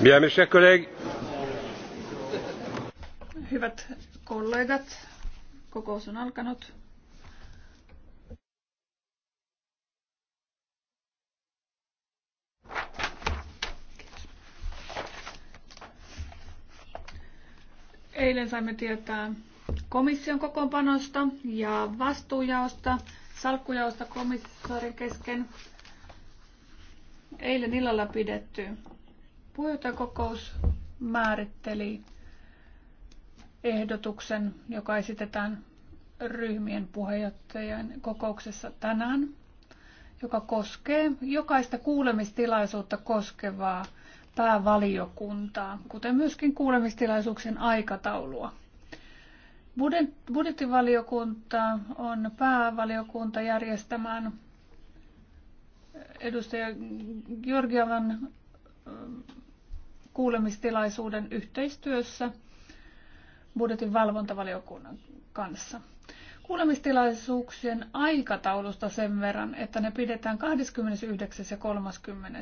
mes chers collègues. Hyvät kollegat, kokous on alkanut. Eilen saimme tietää komission kokoonpanosta ja vastuujaosta, salkkujaosta komissaarin kesken. Eilen illalla pidetty Puheenjohtajakokous määritteli ehdotuksen, joka esitetään ryhmien puheenjohtajien kokouksessa tänään, joka koskee jokaista kuulemistilaisuutta koskevaa päävaliokuntaa, kuten myöskin kuulemistilaisuuksien aikataulua. Budjettivaliokunta on päävaliokunta järjestämään edustaja Georgiavan kuulemistilaisuuden yhteistyössä budjetin valvontavaliokunnan kanssa. Kuulemistilaisuuksien aikataulusta sen verran, että ne pidetään 29. ja 30.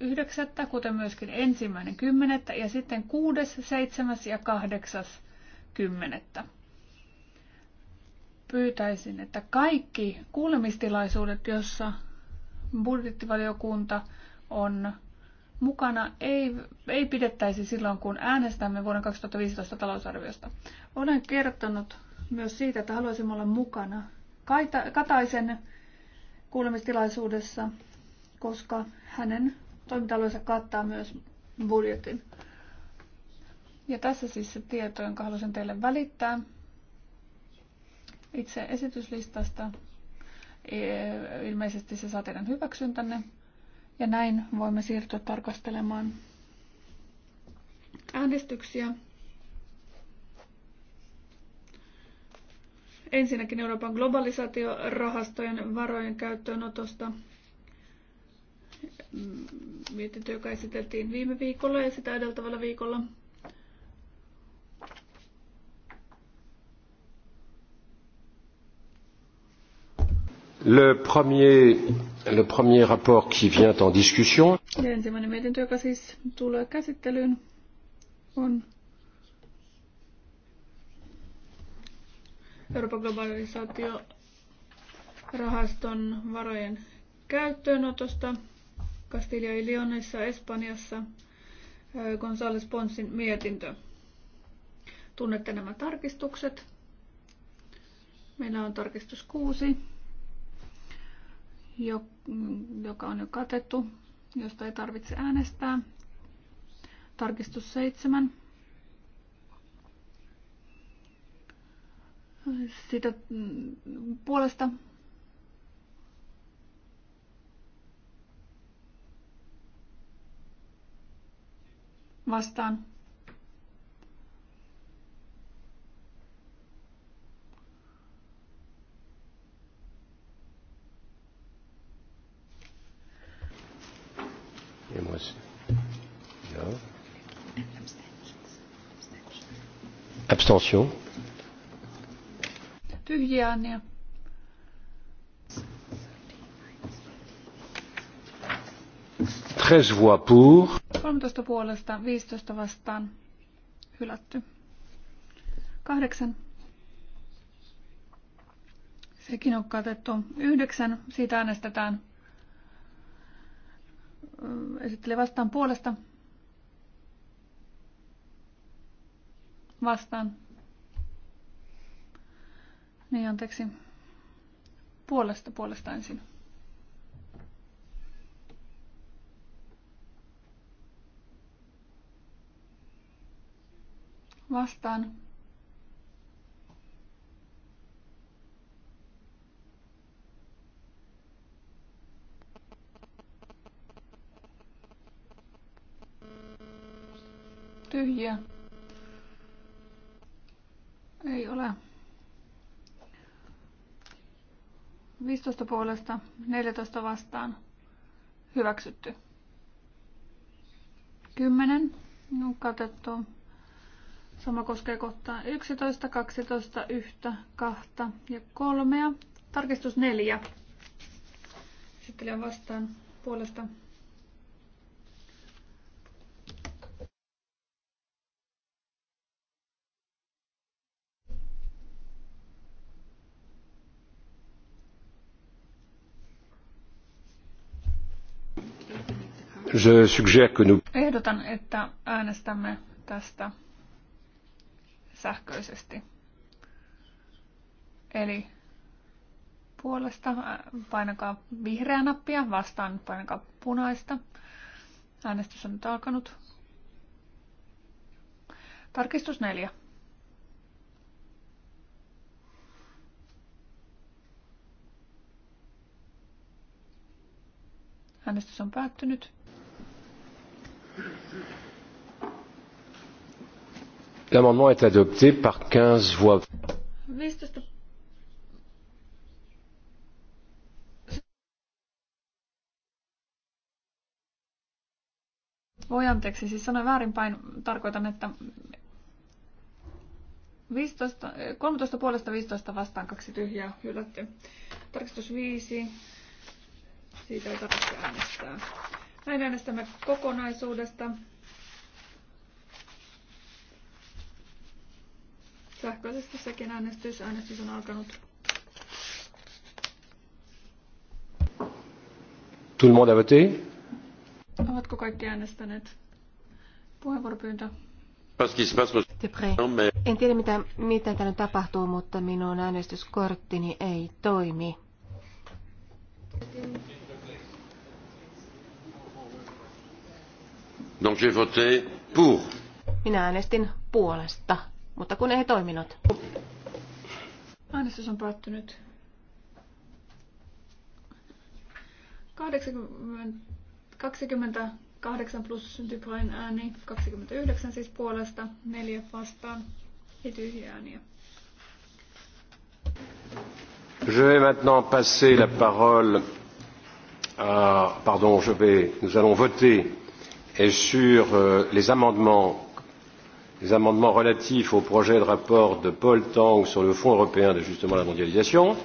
9. kuten myöskin ensimmäinen 10. ja sitten 6., 7. ja 8. 10. Pyytäisin, että kaikki kuulemistilaisuudet, jossa budjettivaliokunta on mukana ei, ei pidettäisi silloin, kun äänestämme vuoden 2015 talousarviosta. Olen kertonut myös siitä, että haluaisin olla mukana Kataisen kuulemistilaisuudessa, koska hänen toiminta kattaa myös budjetin. Ja tässä siis se tieto, jonka haluaisin teille välittää itse esityslistasta. E, ilmeisesti se saa teidän hyväksyntänne. Ja näin voimme siirtyä tarkastelemaan äänestyksiä. Ensinnäkin Euroopan globalisaatiorahastojen varojen käyttöönotosta mietintö, joka esiteltiin viime viikolla ja sitä edeltävällä viikolla. Le premier, le premier rapport qui vient en discussion. ensimmäinen mietintö, joka siis Euroopan globalisaatio rahaston varojen käyttöönotosta Castilla y Leonissa, Espanjassa, González Ponsin mietintö. Tunnette nämä tarkistukset. Meillä on tarkistus kuusi joka on jo katettu, josta ei tarvitse äänestää. Tarkistus 7. Sitä mm, puolesta vastaan Et moi aussi. Non. Abstention. Tyhjiä ääniä. Treize voix pour. 13 puolesta, 15 vastaan. Hylätty. Kahdeksan. Sekin on katettu. Yhdeksän. Siitä äänestetään esittelee vastaan puolesta. Vastaan. Niin, anteeksi. Puolesta puolesta ensin. Vastaan. Tyhjiä. Ei ole. 15 puolesta, 14 vastaan. Hyväksytty. 10 on no, katettu. Sama koskee kohtaa 11, 12, 1, 2 ja 3. Tarkistus 4. Sitten vastaan puolesta Je suggère que nous... Ehdotan, että äänestämme tästä sähköisesti. Eli puolesta painakaa vihreää nappia, vastaan painakaa punaista. Äänestys on nyt alkanut. Tarkistus neljä. Äänestys on päättynyt. L'amendement est adopté par 15 voix. 15 Voi anteeksi, siis sanoin väärinpäin. Tarkoitan, että 15, 13 puolesta 15 vastaan kaksi tyhjää hylätty. Tarkistus 5. Siitä ei tarvitse äänestää. Näin äänestämme kokonaisuudesta. Sähköisesti sekin äänestys. Äänestys on alkanut. Tout le monde a voté? Ovatko kaikki äänestäneet? Puheenvuoropyyntö. En tiedä mitä, mitä täällä tapahtuu, mutta minun äänestyskorttini ei toimi. Donc j'ai voté pour. Minä äänestin puolesta, mutta kun ei toiminut. Äänestys on päättynyt. 28 plus Dubrain ääni, 29 siis puolesta, neljä vastaan ja tyhjiä ääniä. Je vais maintenant passer la parole à... Pardon, je vais... Nous allons voter est sur euh, les amendements les amendements relatifs au projet de rapport de Paul Tang sur le Fonds européen d'ajustement à la mondialisation.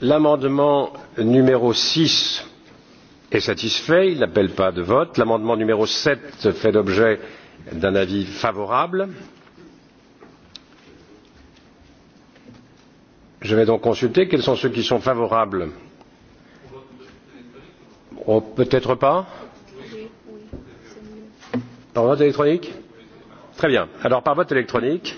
L'amendement numéro 6 est satisfait, il n'appelle pas de vote. L'amendement numéro 7 fait l'objet d'un avis favorable. Je vais donc consulter quels sont ceux qui sont favorables Oh, Peut-être pas Par vote électronique Très bien. Alors par vote électronique.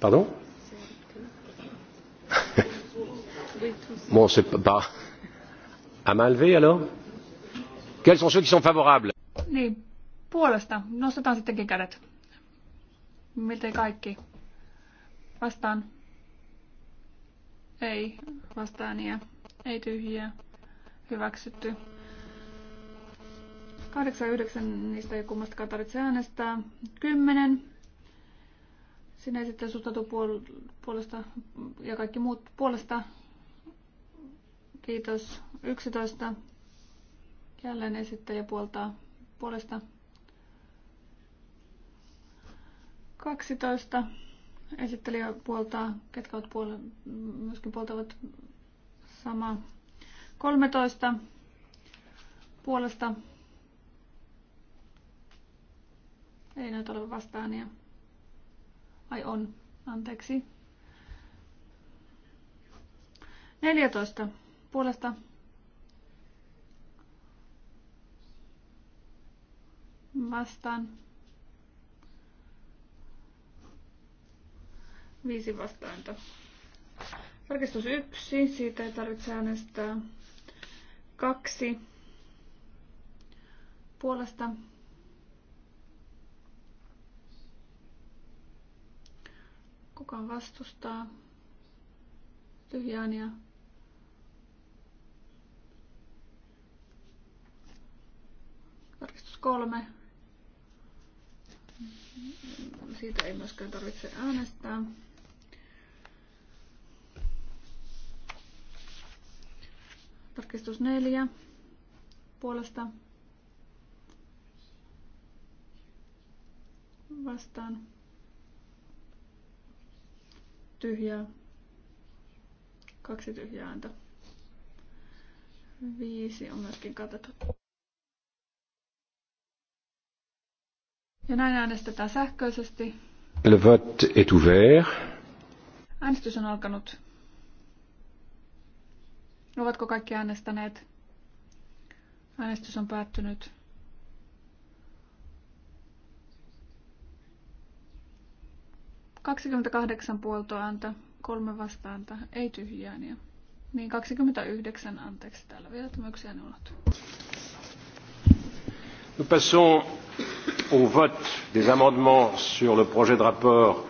Pardon Bon, c'est pas. À main levée alors Quels sont ceux qui sont favorables Niin, puolesta. Nostetaan sittenkin kädet. Miltei kaikki. Vastaan. Ei. Vastaania. Ei tyhjiä. Hyväksytty. 8 9 niistä ei kummastakaan tarvitse äänestää. 10. Sinä sitten suhtautuu puol- puolesta ja kaikki muut puolesta. Kiitos. 11. Jälleen esittäjä puoltaa puolesta. 12 esittelijä puoltaa, ketkä ovat puol- myöskin puoltavat samaa. 13 puolesta ei näytä ole vastaan ja ai on, anteeksi. 14 puolesta vastaan Viisi vastainta. Tarkistus yksi, siitä ei tarvitse äänestää. Kaksi puolesta. Kuka vastustaa? Tyhjääniä. tarkistus kolme. Siitä ei myöskään tarvitse äänestää. Tarkistus neljä puolesta vastaan tyhjää, kaksi tyhjää ääntä. Viisi on myöskin katettu. Ja näin äänestetään sähköisesti. Le vote est ouvert. Äänestys on alkanut. Ovatko kaikki äänestäneet? Äänestys on päättynyt. Kaksikymmentäkahdeksan puoltoääntä, kolme vastaanta, ei tyhjiä ääniä. Niin 29, anteeksi, täällä vielä tämä yksi ääni unohtui. Nous passons au vote des amendements sur le projet de rapport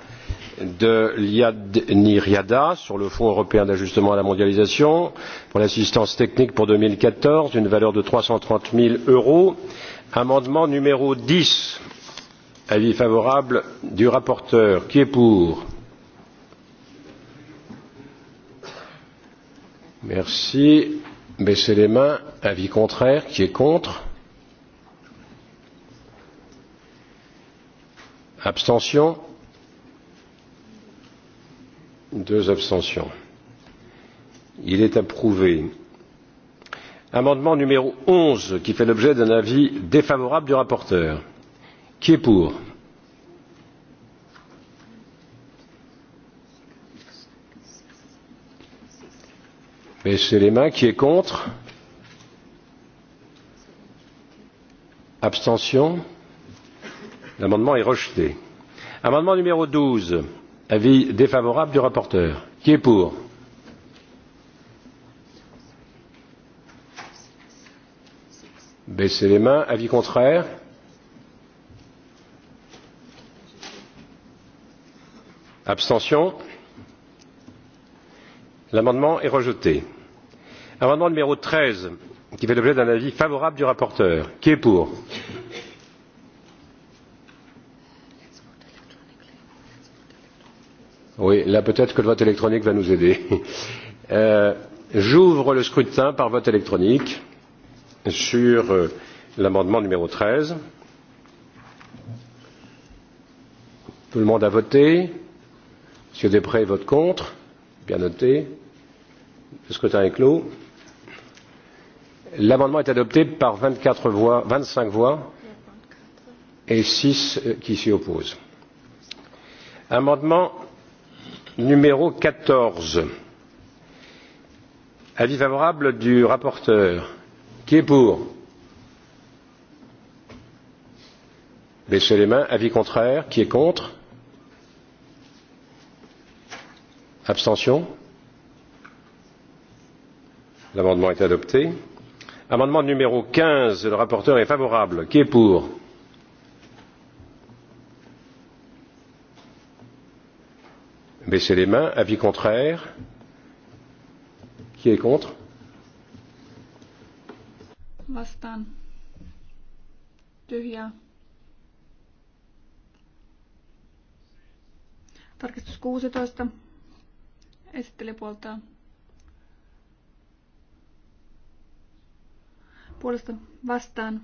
de Liad sur le Fonds européen d'ajustement à la mondialisation pour l'assistance technique pour 2014 d'une valeur de 330 000 euros. Amendement numéro 10. Avis favorable du rapporteur. Qui est pour Merci. Baissez les mains. Avis contraire. Qui est contre Abstention Deux abstentions. Il est approuvé. Amendement numéro 11 qui fait l'objet d'un avis défavorable du rapporteur. Qui est pour Baissez les mains. Qui est contre Abstention L'amendement est rejeté. Amendement numéro 12 avis défavorable du rapporteur qui est pour? baissez les mains avis contraire? abstention? l'amendement est rejeté. amendement numéro treize qui fait l'objet d'un avis favorable du rapporteur qui est pour? Oui, là peut-être que le vote électronique va nous aider. Euh, J'ouvre le scrutin par vote électronique sur euh, l'amendement numéro 13. Tout le monde a voté. Monsieur Després vote contre. Bien noté. Le scrutin est clos. L'amendement est adopté par 24 voix, 25 voix et 6 euh, qui s'y opposent. Amendement numéro quatorze avis favorable du rapporteur qui est pour? baissez les mains avis contraire qui est contre? abstention? l'amendement est adopté. amendement numéro quinze le rapporteur est favorable qui est pour? baisser les mains. Avis contraire. Qui est contre Vastaan. Tyhjää. Tarkistus 16. Esitteli puoltaan. Puolesta vastaan.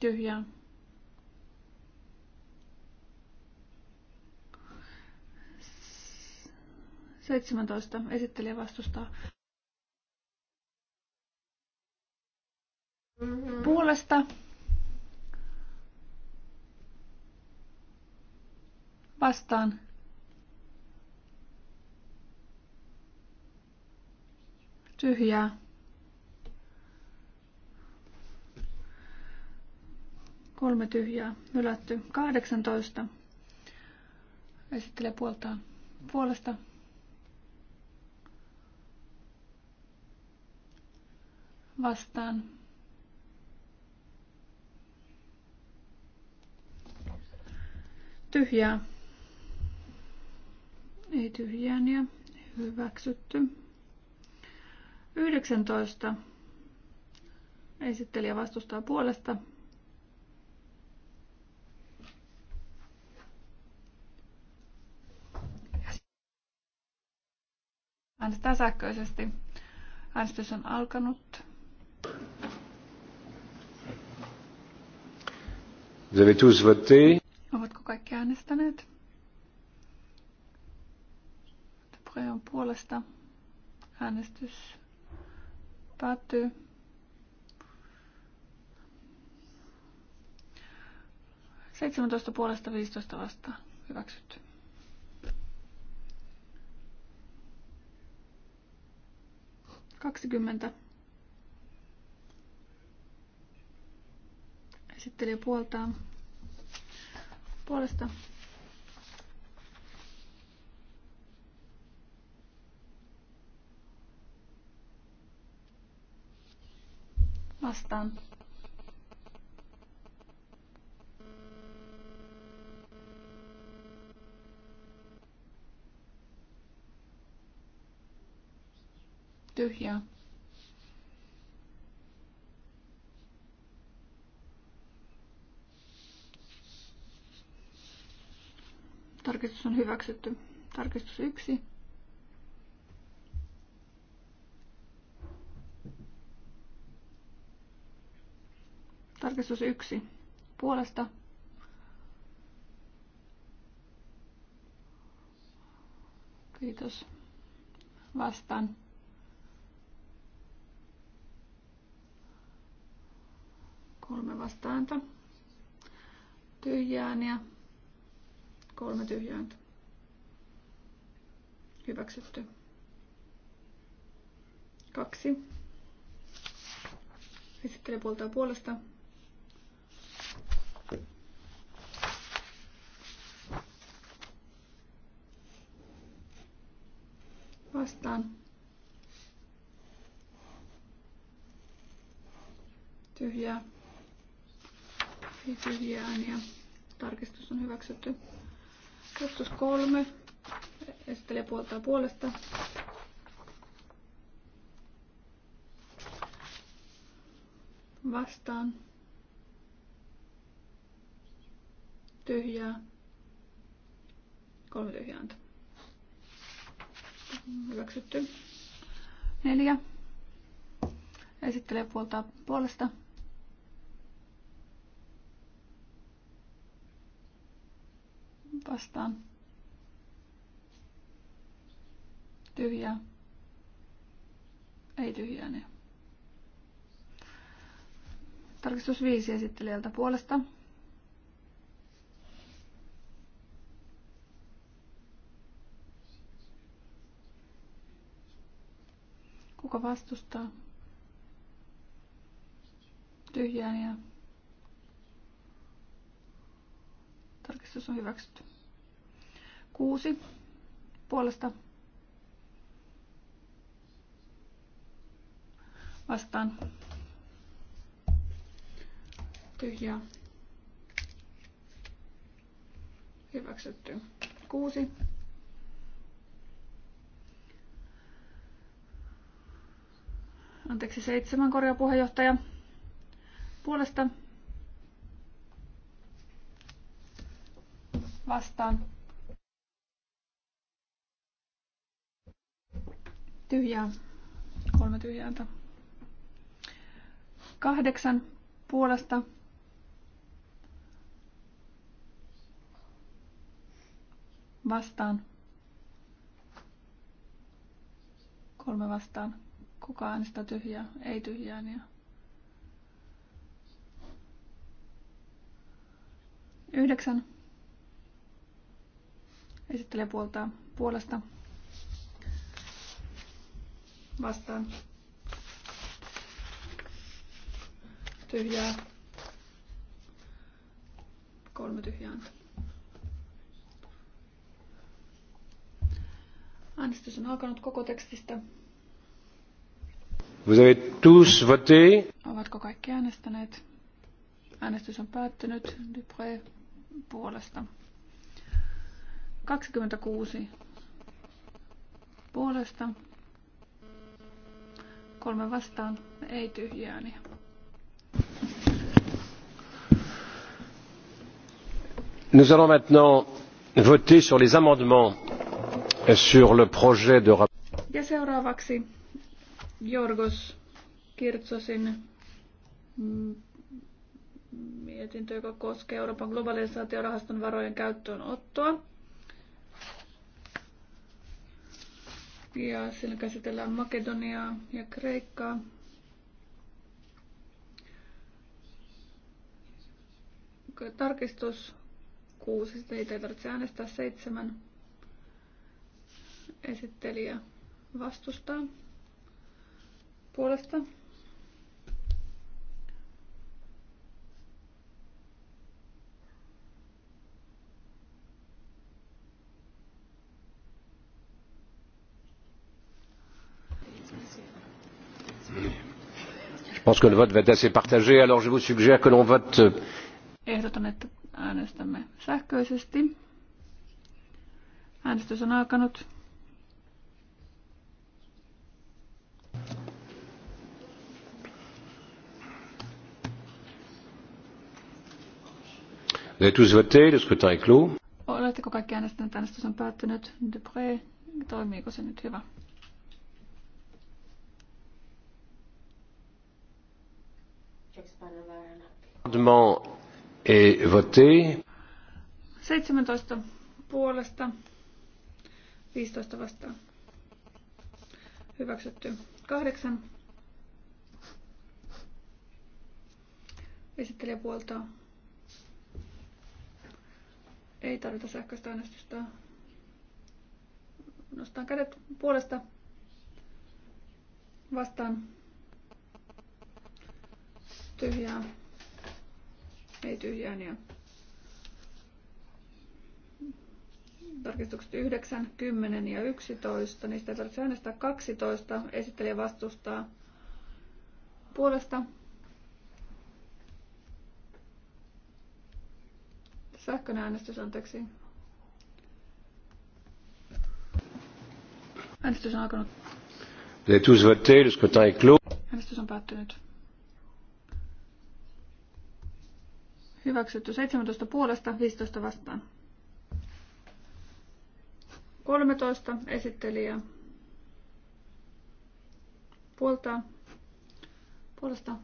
Tyhjää. 17. Esittelijä vastustaa. Mm-hmm. Puolesta. Vastaan. Tyhjää. Kolme tyhjää. Hylätty. 18. Esittelee puoltaan. Puolesta. vastaan. Tyhjää. Ei tyhjään niin ja hyväksytty. 19. Esittelijä vastustaa puolesta. Äänestetään sähköisesti. Äänestys on alkanut. Vous avez tous voté. Ovatko kaikki äänestäneet? Puheen puolesta äänestys päättyy. Seitsemäntoista puolesta viisitoista vastaan. Hyväksytty. Kaksikymmentä Esittelijä puoltaa puolesta. Vastaan. Tyhjää. Tarkistus on hyväksytty. Tarkistus 1. Tarkistus 1. Puolesta. Kiitos. Vastaan. Kolme vastaanta. Tyhjään ja Kolme tyhjääntä. Hyväksytty. Kaksi. Esittelen puolta puolesta. Vastaan. Tyhjää. Ei tyhjiä ääniä. Tarkistus on hyväksytty. Tarkistus kolme. Esittelijä puoltaa puolesta. Vastaan. Tyhjää. Kolme tyhjää ääntä. Hyväksytty. Neljä. Esittelijä puoltaa puolesta. vastaan. Tyhjää. Ei tyhjää ne. Niin. Tarkistus viisi esittelijältä puolesta. Kuka vastustaa? Tyhjää ja niin. tarkistus on hyväksytty. Kuusi puolesta vastaan. Tyhjää. Hyväksytty. Kuusi. Anteeksi, seitsemän korjapuheenjohtaja. Puolesta vastaan. Tyhjää. Kolme tyhjää Kahdeksan puolesta. Vastaan. Kolme vastaan. Kuka äänestää tyhjää? Ei tyhjää. Niin Yhdeksän. Esittelee puolta puolesta vastaan. Tyhjää. Kolme tyhjää. Äänestys on alkanut koko tekstistä. Vous avez tous voté. Ovatko kaikki äänestäneet? Äänestys on päättynyt. Dupré puolesta. 26 puolesta Kolme vastaan, ei tyhjää. Niin. Nous allons maintenant voter sur les amendements sur le projet de rapport. Ja seuraavaksi Jorgos Kirtsosin mietintö, joka koskee Euroopan globalisaatiorahaston varojen käyttöönottoa. ja siellä käsitellään Makedoniaa ja Kreikkaa. Tarkistus 6, sitä ei tarvitse äänestää 7. Esittelijä vastustaa puolesta. pense que le vote va être assez partagé, alors je vous suggère que l'on vote. Euh, Ehdotan, että äänestämme sähköisesti. Äänestys on alkanut. Vous avez tous voté, le scrutin est clos. Oletteko kaikki äänestäneet? Äänestys on päättynyt. Dupré, toimiiko se nyt hyvä? Amendement est voté. 17 puolesta, 15 vastaan. Hyväksytty. 8. Esittelijä puoltaa. Ei tarvita sähköistä äänestystä. Nostan kädet puolesta vastaan. Tyhjää. Ei tyhjää, niin tarkistukset 9, 10 ja 11. Niistä tarvitsee äänestää 12. Esittelijä vastustaa puolesta. Sähköinen äänestys, anteeksi. Äänestys on alkanut. Äänestys on päättynyt. Hyväksytty 17 puolesta, 15 vastaan. 13 esittelijä puolta, puolesta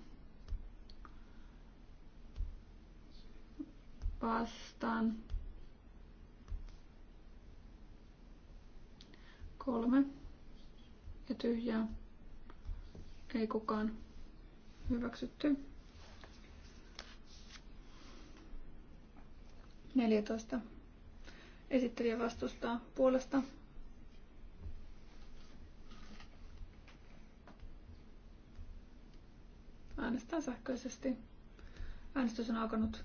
vastaan. Kolme ja tyhjää. Ei kukaan hyväksytty. 14. Esittelijä vastustaa puolesta. Äänestää sähköisesti. Äänestys on alkanut.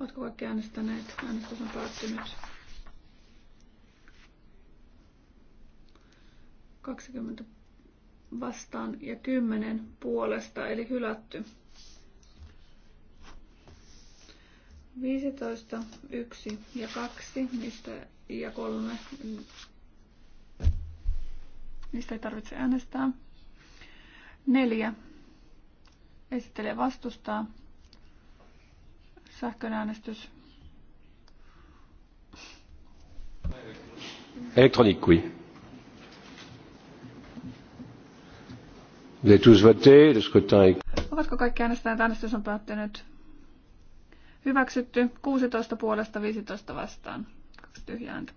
Oletko kaikki äänestäneet? Äänestys on päättynyt. 20 vastaan ja 10 puolesta, eli hylätty. 15, 1 ja 2, niistä ja 3, niistä ei tarvitse äänestää. 4, esittelee vastustaa, sähköäänestys. Elektroniikki. Oui. tous voté, le scrutin est... Ovatko kaikki äänestäneet? Äänestys on päättynyt. Hyväksytty 16 puolesta 15 vastaan. Kaksi tyhjää ääntä.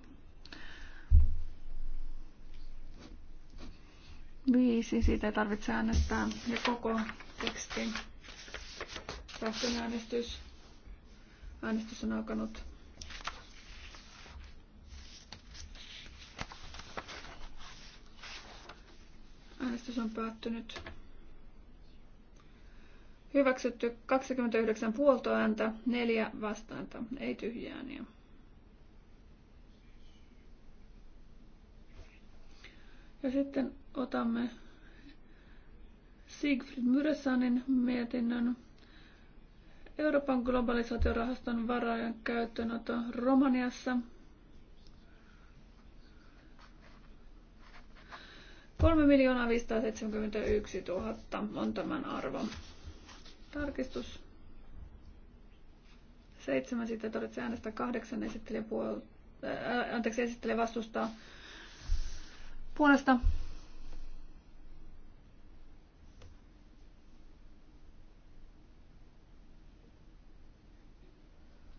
5, siitä ei tarvitse äänestää. Ja koko teksti. Sähköinen äänestys. Äänestys on alkanut. Äänestys on päättynyt. Hyväksytty 29 puoltoääntä, 4 vastaanta, ei tyhjää ääniä. Ja sitten otamme Siegfried Myresanin mietinnön Euroopan globalisaatiorahaston varojen käyttöönoto Romaniassa – 3 571 000 on tämän arvo. Tarkistus. Seitsemän sitten todettu äänestä kahdeksan esittelijä, puol- äh, anteeksi, esittelijä vastustaa puolesta.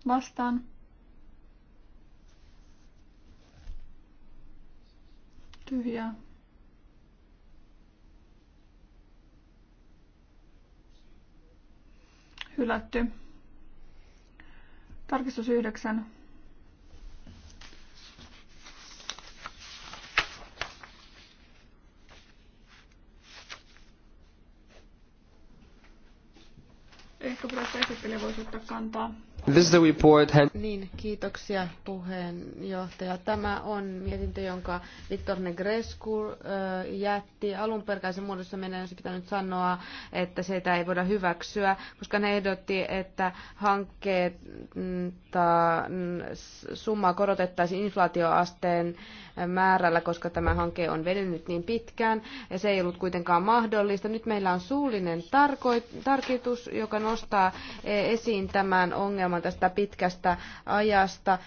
Vastaan. Tyhjää. Hylätty. Tarkistus 9. Ehkä pitäisi esittelijä voisi ottaa kantaa. This the report Niin, kiitoksia puheenjohtaja. Tämä on mietintö, jonka Viktor Negrescu jätti alunperkäisen muodossa. Meidän olisi pitänyt sanoa, että sitä ei voida hyväksyä, koska ne ehdotti, että hankkeet summaa korotettaisiin inflaatioasteen määrällä, koska tämä hanke on venynyt niin pitkään. Ja se ei ollut kuitenkaan mahdollista. Nyt meillä on suullinen tarkoit- tarkitus, joka nostaa e, esiin tämän ongelman ilman tästä pitkästä ajasta.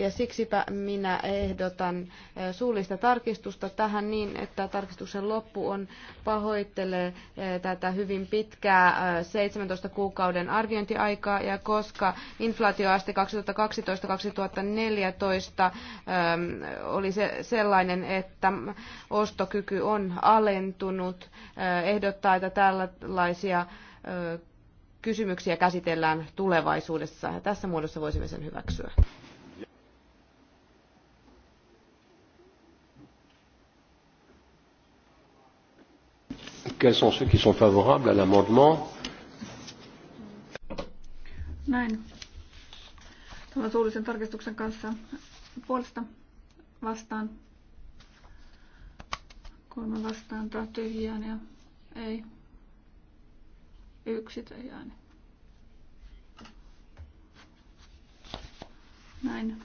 Ja siksipä minä ehdotan eh, suullista tarkistusta tähän niin, että tarkistuksen loppu on pahoittelee eh, tätä hyvin pitkää 17 eh, kuukauden arviointiaikaa ja koska inflaatioaste 2012-2014 ehm, oli se sellainen, että ostokyky on alentunut, ehdottaa, että tällaisia kysymyksiä käsitellään tulevaisuudessa. Ja tässä muodossa voisimme sen hyväksyä. Quels sont ceux qui sont favorables à l'amendement Näin. Tämän suullisen tarkistuksen kanssa puolesta vastaan. Kolme vastaan tai tyhjään ja ei Yksi tyhjä Näin.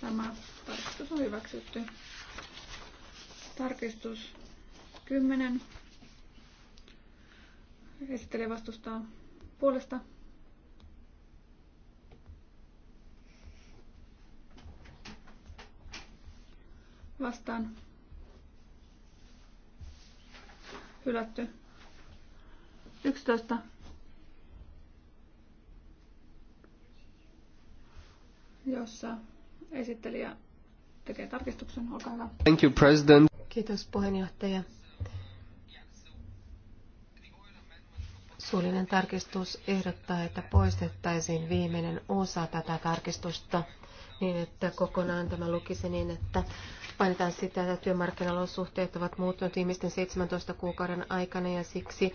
Tämä tarkistus on hyväksytty. Tarkistus 10. Esittelee vastustaa puolesta. Vastaan. Hylätty. 11. Jossa esittelijä tekee tarkistuksen. Olkaa hyvä. Thank you, President. Kiitos puheenjohtaja. Suullinen tarkistus ehdottaa, että poistettaisiin viimeinen osa tätä tarkistusta niin, että kokonaan tämä lukisi niin, että painetaan sitä, että työmarkkinalosuhteet ovat muuttuneet ihmisten 17 kuukauden aikana ja siksi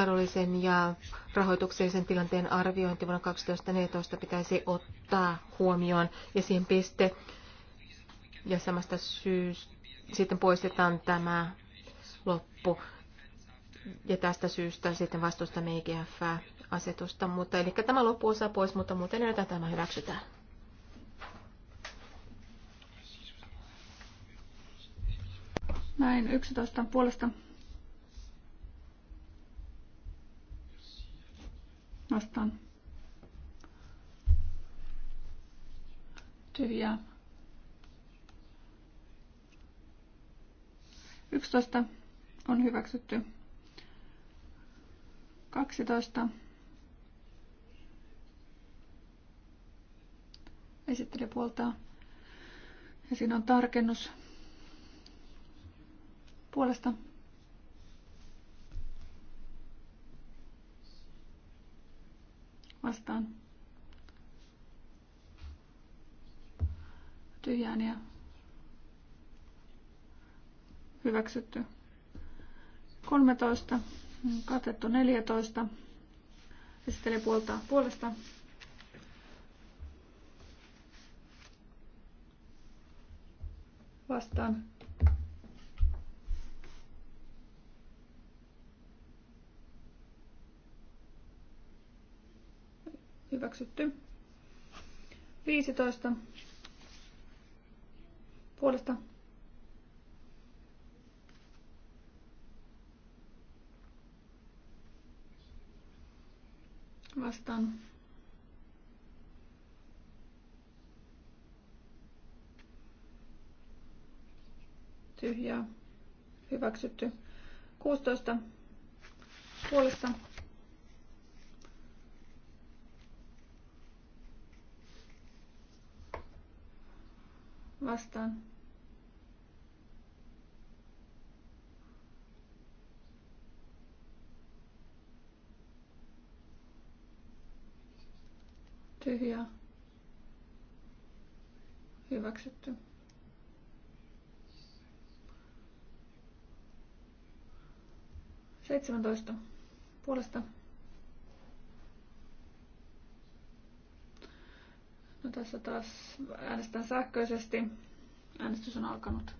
taloudellisen ja rahoituksellisen tilanteen arviointi vuonna 2014 pitäisi ottaa huomioon ja siihen piste. Ja samasta syystä sitten poistetaan tämä loppu. Ja tästä syystä sitten vastustamme IGF-asetusta. E mutta, eli tämä loppuosa pois, mutta muuten näitä tämä hyväksytään. Näin 11 puolesta vastaan. Tyhjää. 11 on hyväksytty. 12. Esittelijä puoltaa. Ja siinä on tarkennus puolesta vastaan. Tyhjään ja hyväksytty 13, katettu 14, esitteli puolta puolesta. Vastaan Hyväksytty. 15 puolesta vastaan. Tyhjää. Hyväksytty. 16 puolesta vastaan. Tyhjää. Hyväksytty. Seitsemäntoista puolesta No tässä taas äänestän sähköisesti. Äänestys on alkanut.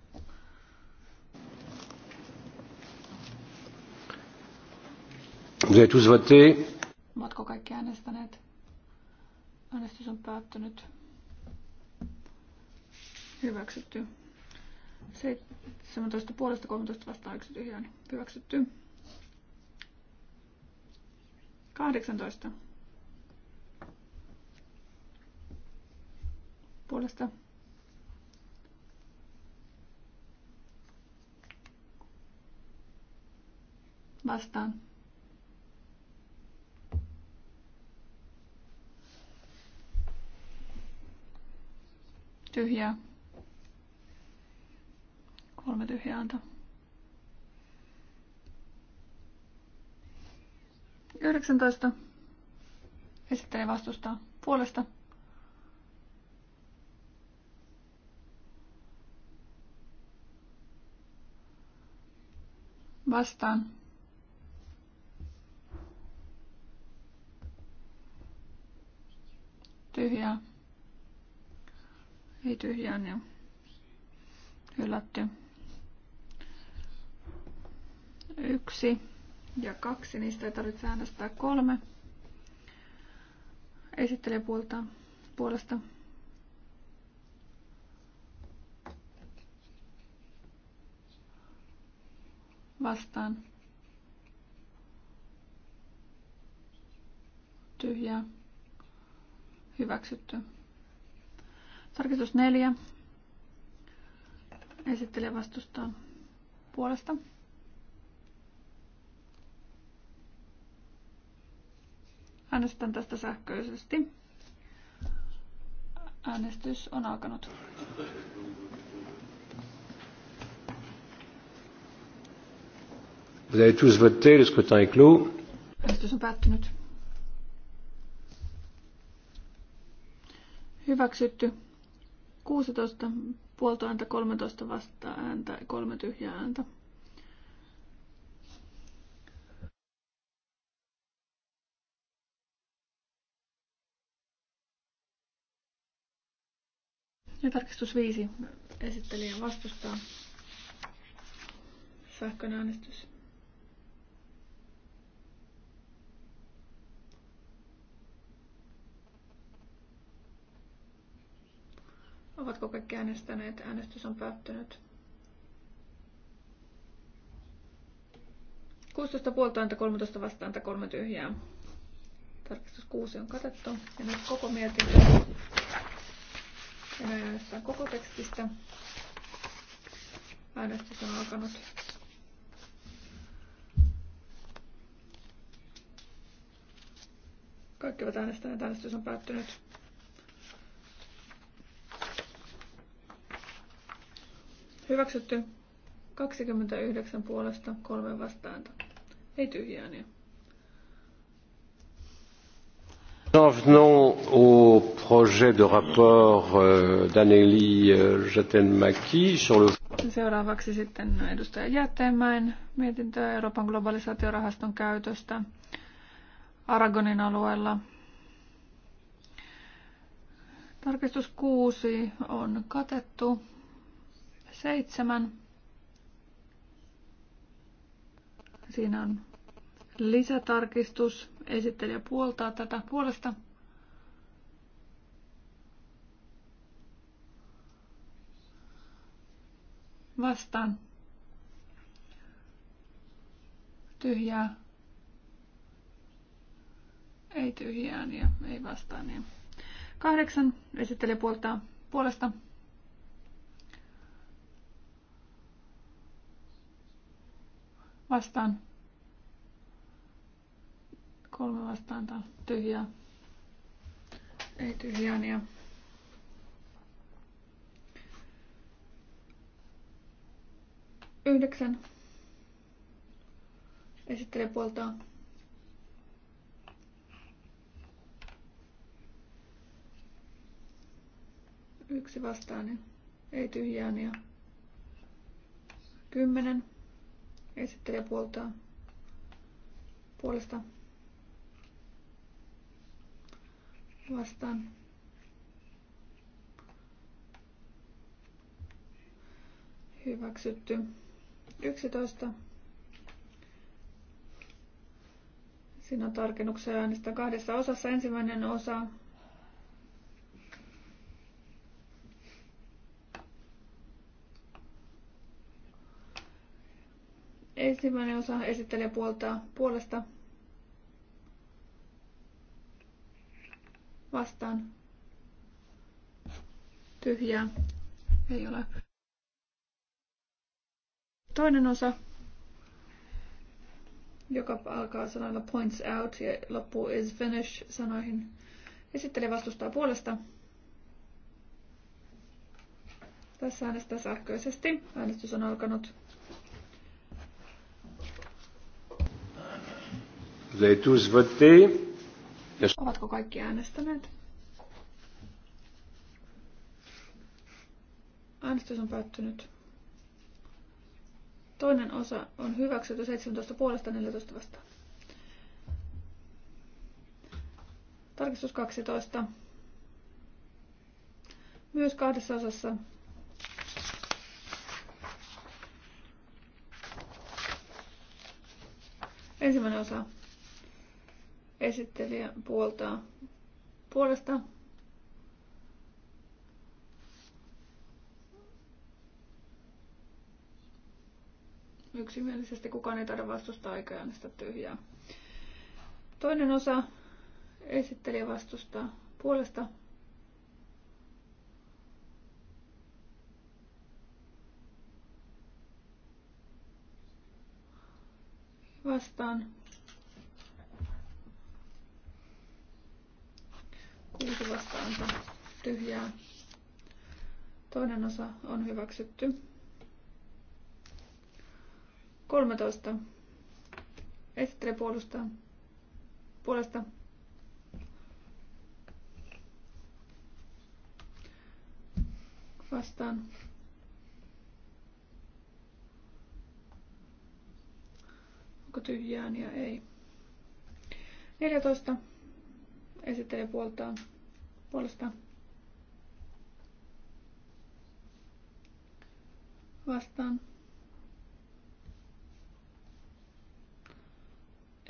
Vous avez tous voté. Ovatko kaikki äänestäneet? Äänestys on päättynyt. Hyväksytty. 17 puolesta 13 vastaan yksi tyhjään. Hyväksytty. 18. puolesta. Vastaan. Tyhjää. Kolme tyhjää antaa. Yhdeksäntoista. Esittelee vastustaa puolesta. vastaan. Tyhjää. Ei tyhjää, niin hylätty. Yksi ja kaksi, niistä ei tarvitse äänestää kolme. Esittelijä puolta, puolesta vastaan. Tyhjää. Hyväksytty. Tarkistus neljä. Esittelijä vastustaa puolesta. Äänestän tästä sähköisesti. Äänestys on alkanut. Vous avez tous voté, le scrutin est clos. Äänestys on päättynyt. Hyväksytty. 16 puolta ääntä, 13 vasta ääntä, kolme tyhjää ääntä. Ja tarkistus 5. Esittelijä vastustaa. Sähköinen äänestys. Ovatko kaikki äänestäneet? Äänestys on päättynyt. 16 puolta ääntä, 13 vastaan tai 3 tyhjää. Tarkistus 6 on katettu. Ja nyt koko mietintö. Ja näin äänestetään koko tekstistä. Äänestys on alkanut. Kaikki ovat äänestäneet. Äänestys on päättynyt. Hyväksytty 29 puolesta, kolme vastaanta. Ei tyhjää niin. Nous en venons au projet de rapport euh, d'Anneli euh, Jatenmaki sur le... Seuraavaksi sitten edustaja Jätteenmäen mietintö Euroopan globalisaatiorahaston käytöstä Aragonin alueella. Tarkistus 6 on katettu seitsemän. Siinä on lisätarkistus. Esittelijä puoltaa tätä puolesta. Vastaan. Tyhjää. Ei tyhjää ja niin ei vastaan. niin. kahdeksan. Esittelijä puoltaa puolesta. Vastaan. Kolme vastaan taas. Tyhjää. Ei tyhjää, niin ja Yhdeksän. Esittelee puoltaan. Yksi vastaan, niin ei tyhjään niin ja kymmenen. Esittelijä puoltaa puolesta vastaan. Hyväksytty. 11. Siinä on tarkennuksia äänestä kahdessa osassa. Ensimmäinen osa Ensimmäinen osa esittelee puolta, puolesta vastaan. Tyhjää. Ei ole. Toinen osa, joka alkaa sanalla points out ja loppuu is finished sanoihin. Esittelee vastustaa puolesta. Tässä äänestää sähköisesti. Äänestys on alkanut. Vous avez tous voté. Ovatko kaikki äänestäneet? Äänestys on päättynyt. Toinen osa on hyväksytty 17 puolesta 14 vastaan. Tarkistus 12. Myös kahdessa osassa. Ensimmäinen osa Esittelijä puoltaa puolesta. Yksimielisesti kukaan ei taida vastustaa eikä äänestä tyhjää. Toinen osa esittelijä vastustaa puolesta. Vastaan Kuusi vastaanta tyhjää. Toinen osa on hyväksytty. 13. Esittele puolusta. puolesta. Vastaan. Onko tyhjään niin ja ei. 14 esittelijä puoltaan puolestaan. Vastaan.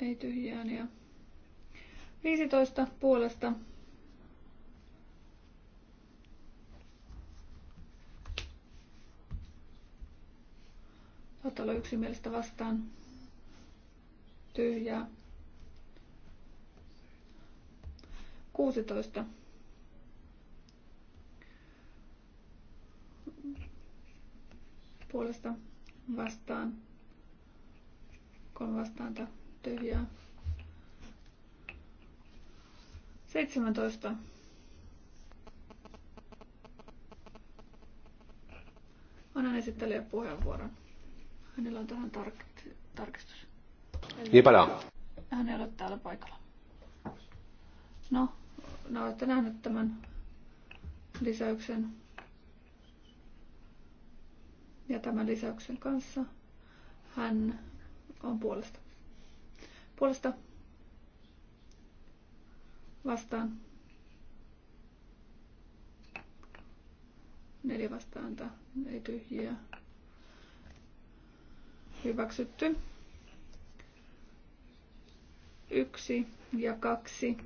Ei tyhjään ja 15 puolesta. Saattaa olla yksimielistä vastaan. Tyhjää. 16. Puolesta vastaan. Kolme vastaanta tyhjää. 17. Annan esittelijä puheenvuoron. Hänellä on tähän tark- tarkistus. Niin paljon. Hän ei ole täällä paikalla. No, No, olette nähneet tämän lisäyksen ja tämän lisäyksen kanssa hän on puolesta. Puolesta vastaan. Neljä vastaanta, ei tyhjiä. Hyväksytty. Yksi ja kaksi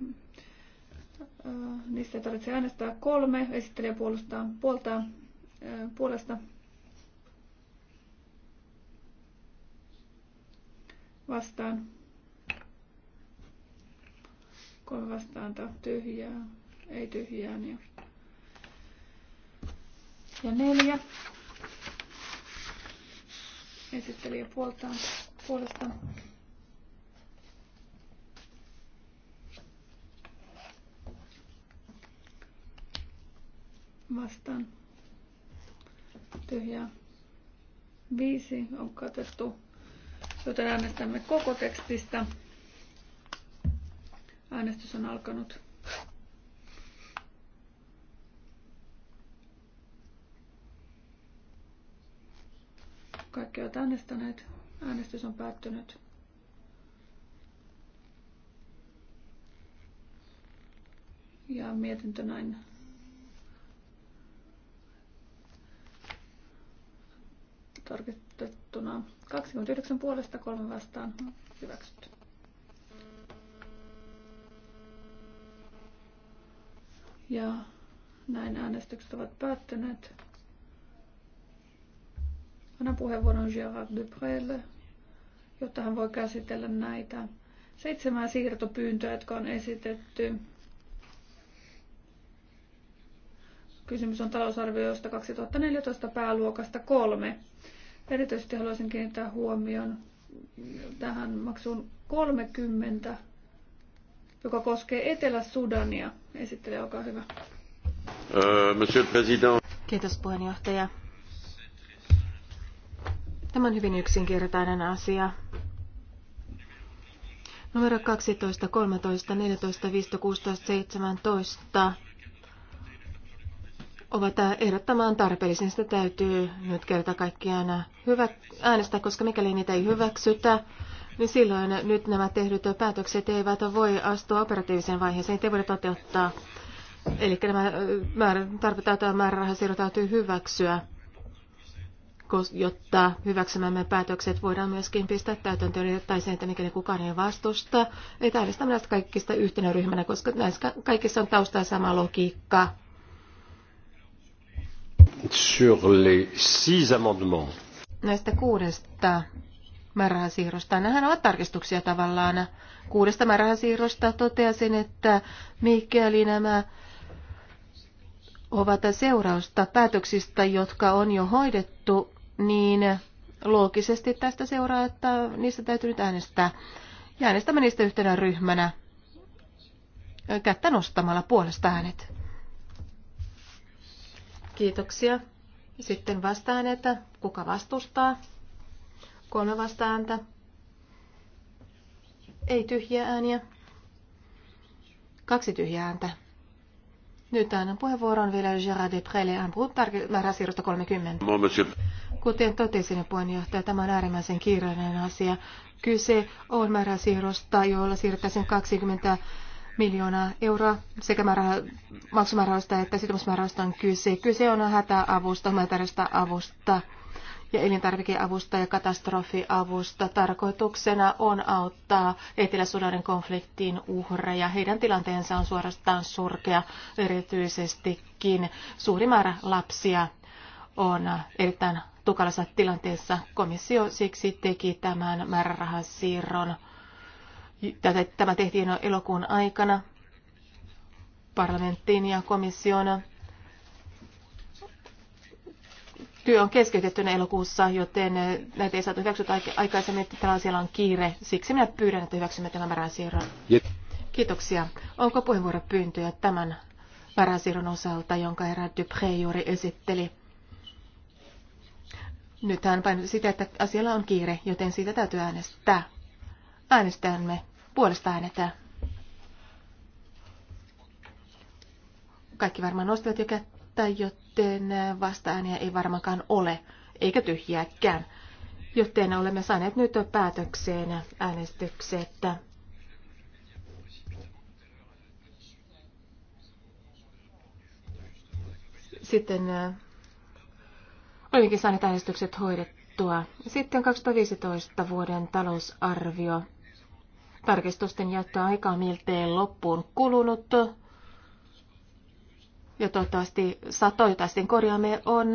Äh, niistä ei tarvitse äänestää kolme. Esittelijä puolustaa puolta, äh, puolesta. Vastaan. Kolme vastaan tyhjää. Ei tyhjää. Niin. Ja neljä. Esittelijä puoltaan puolesta. vastaan. Tyhjää. Viisi on katettu, joten äänestämme koko tekstistä. Äänestys on alkanut. Kaikki ovat äänestäneet. Äänestys on päättynyt. Ja mietintö näin tarkistettuna 29 puolesta 3 vastaan hyväksytty. Ja näin äänestykset ovat päättyneet. Annan puheenvuoron Gérard Duprelle, jotta hän voi käsitellä näitä seitsemää siirtopyyntöä, jotka on esitetty Kysymys on talousarviosta 2014 pääluokasta kolme. Erityisesti haluaisin kiinnittää huomion tähän maksuun 30, joka koskee Etelä-Sudania. Esittele, olkaa hyvä. Euh, monsieur le Kiitos puheenjohtaja. Tämä on hyvin yksinkertainen asia. Numero 12, 13, 14, 15, 16, 17 ovat ehdottamaan tarpeellisen. Sitä täytyy nyt kerta kaikkiaan hyvä äänestää, koska mikäli niitä ei hyväksytä, niin silloin nyt nämä tehdyt päätökset eivät voi astua operatiiviseen vaiheeseen, ei voida toteuttaa. Eli nämä määrä, tarvitaan määräraha täytyy hyväksyä, jotta hyväksymämme päätökset voidaan myöskin pistää täytäntöön niin tai sen, että mikäli kukaan ei vastusta, ei äänestämme näistä kaikista yhtenä ryhmänä, koska näissä kaikissa on taustalla sama logiikka sur les six amendements. Näistä kuudesta määrärahasiirrosta. Nämähän ovat tarkistuksia tavallaan. Kuudesta määrärahasiirrosta toteasin, että mikäli nämä ovat seurausta päätöksistä, jotka on jo hoidettu, niin loogisesti tästä seuraa, että niistä täytyy nyt äänestää. Ja äänestämme niistä yhtenä ryhmänä kättä nostamalla puolesta äänet. Kiitoksia. Sitten vastaan, että kuka vastustaa? Kolme vastaanta, Ei tyhjiä ääniä. Kaksi tyhjää ääntä. Nyt annan puheenvuoron vielä Gérard Deprelle Ambrun määräsiirrosta 30. Kuten totesin niin puheenjohtaja, tämä on äärimmäisen kiireinen asia. Kyse on määräsiirrosta, jolla siirrettäisiin 20 miljoonaa euroa sekä maksumääräystä että sitomusmäärästä on kyse. Kyse on hätäavusta, humanitaarista avusta ja elintarvikeavusta ja katastrofiavusta. Tarkoituksena on auttaa Etelä-Sudanin konfliktin uhreja. Heidän tilanteensa on suorastaan surkea, erityisestikin suuri määrä lapsia on erittäin tukalassa tilanteessa. Komissio siksi teki tämän määrärahasiirron siirron Tämä tehtiin jo elokuun aikana parlamenttiin ja komissiona. Työ on keskeytetty elokuussa, joten näitä ei saatu hyväksyä aikaisemmin, että tällä asialla on kiire. Siksi minä pyydän, että hyväksymme tämän määräsiirron. Kiitoksia. Onko puheenvuoropyyntöjä tämän määräsiirron osalta, jonka herra Dupré juuri esitteli? Nyt hän painoi sitä, että asialla on kiire, joten siitä täytyy äänestää. Äänestämme puolesta äänetään. Kaikki varmaan nostivat jo kättä, joten vasta-ääniä ei varmaankaan ole, eikä tyhjääkään. Joten olemme saaneet nyt päätökseen että Sitten äh, olemmekin saaneet äänestykset hoidettua. Sitten 2015 vuoden talousarvio Tarkistusten jättöaika on miltei loppuun kulunut. Ja toivottavasti satoja sitten korjaamme on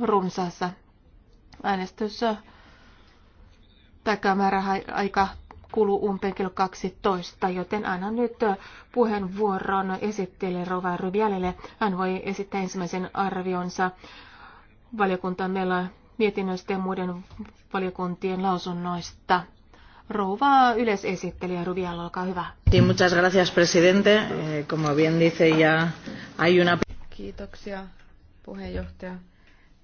runsaassa äänestys. Tämä aika kuluu umpeen kello 12, joten annan nyt puheenvuoron esittelijä Rova Rybialille. Hän voi esittää ensimmäisen arvionsa valiokuntamme mietinnöstä ja muiden valiokuntien lausunnoista. Rouva yleisesittelijä Rubial, olkaa hyvä. muchas gracias, presidente. Eh, como bien dice ya, hay una... Kiitoksia, puheenjohtaja.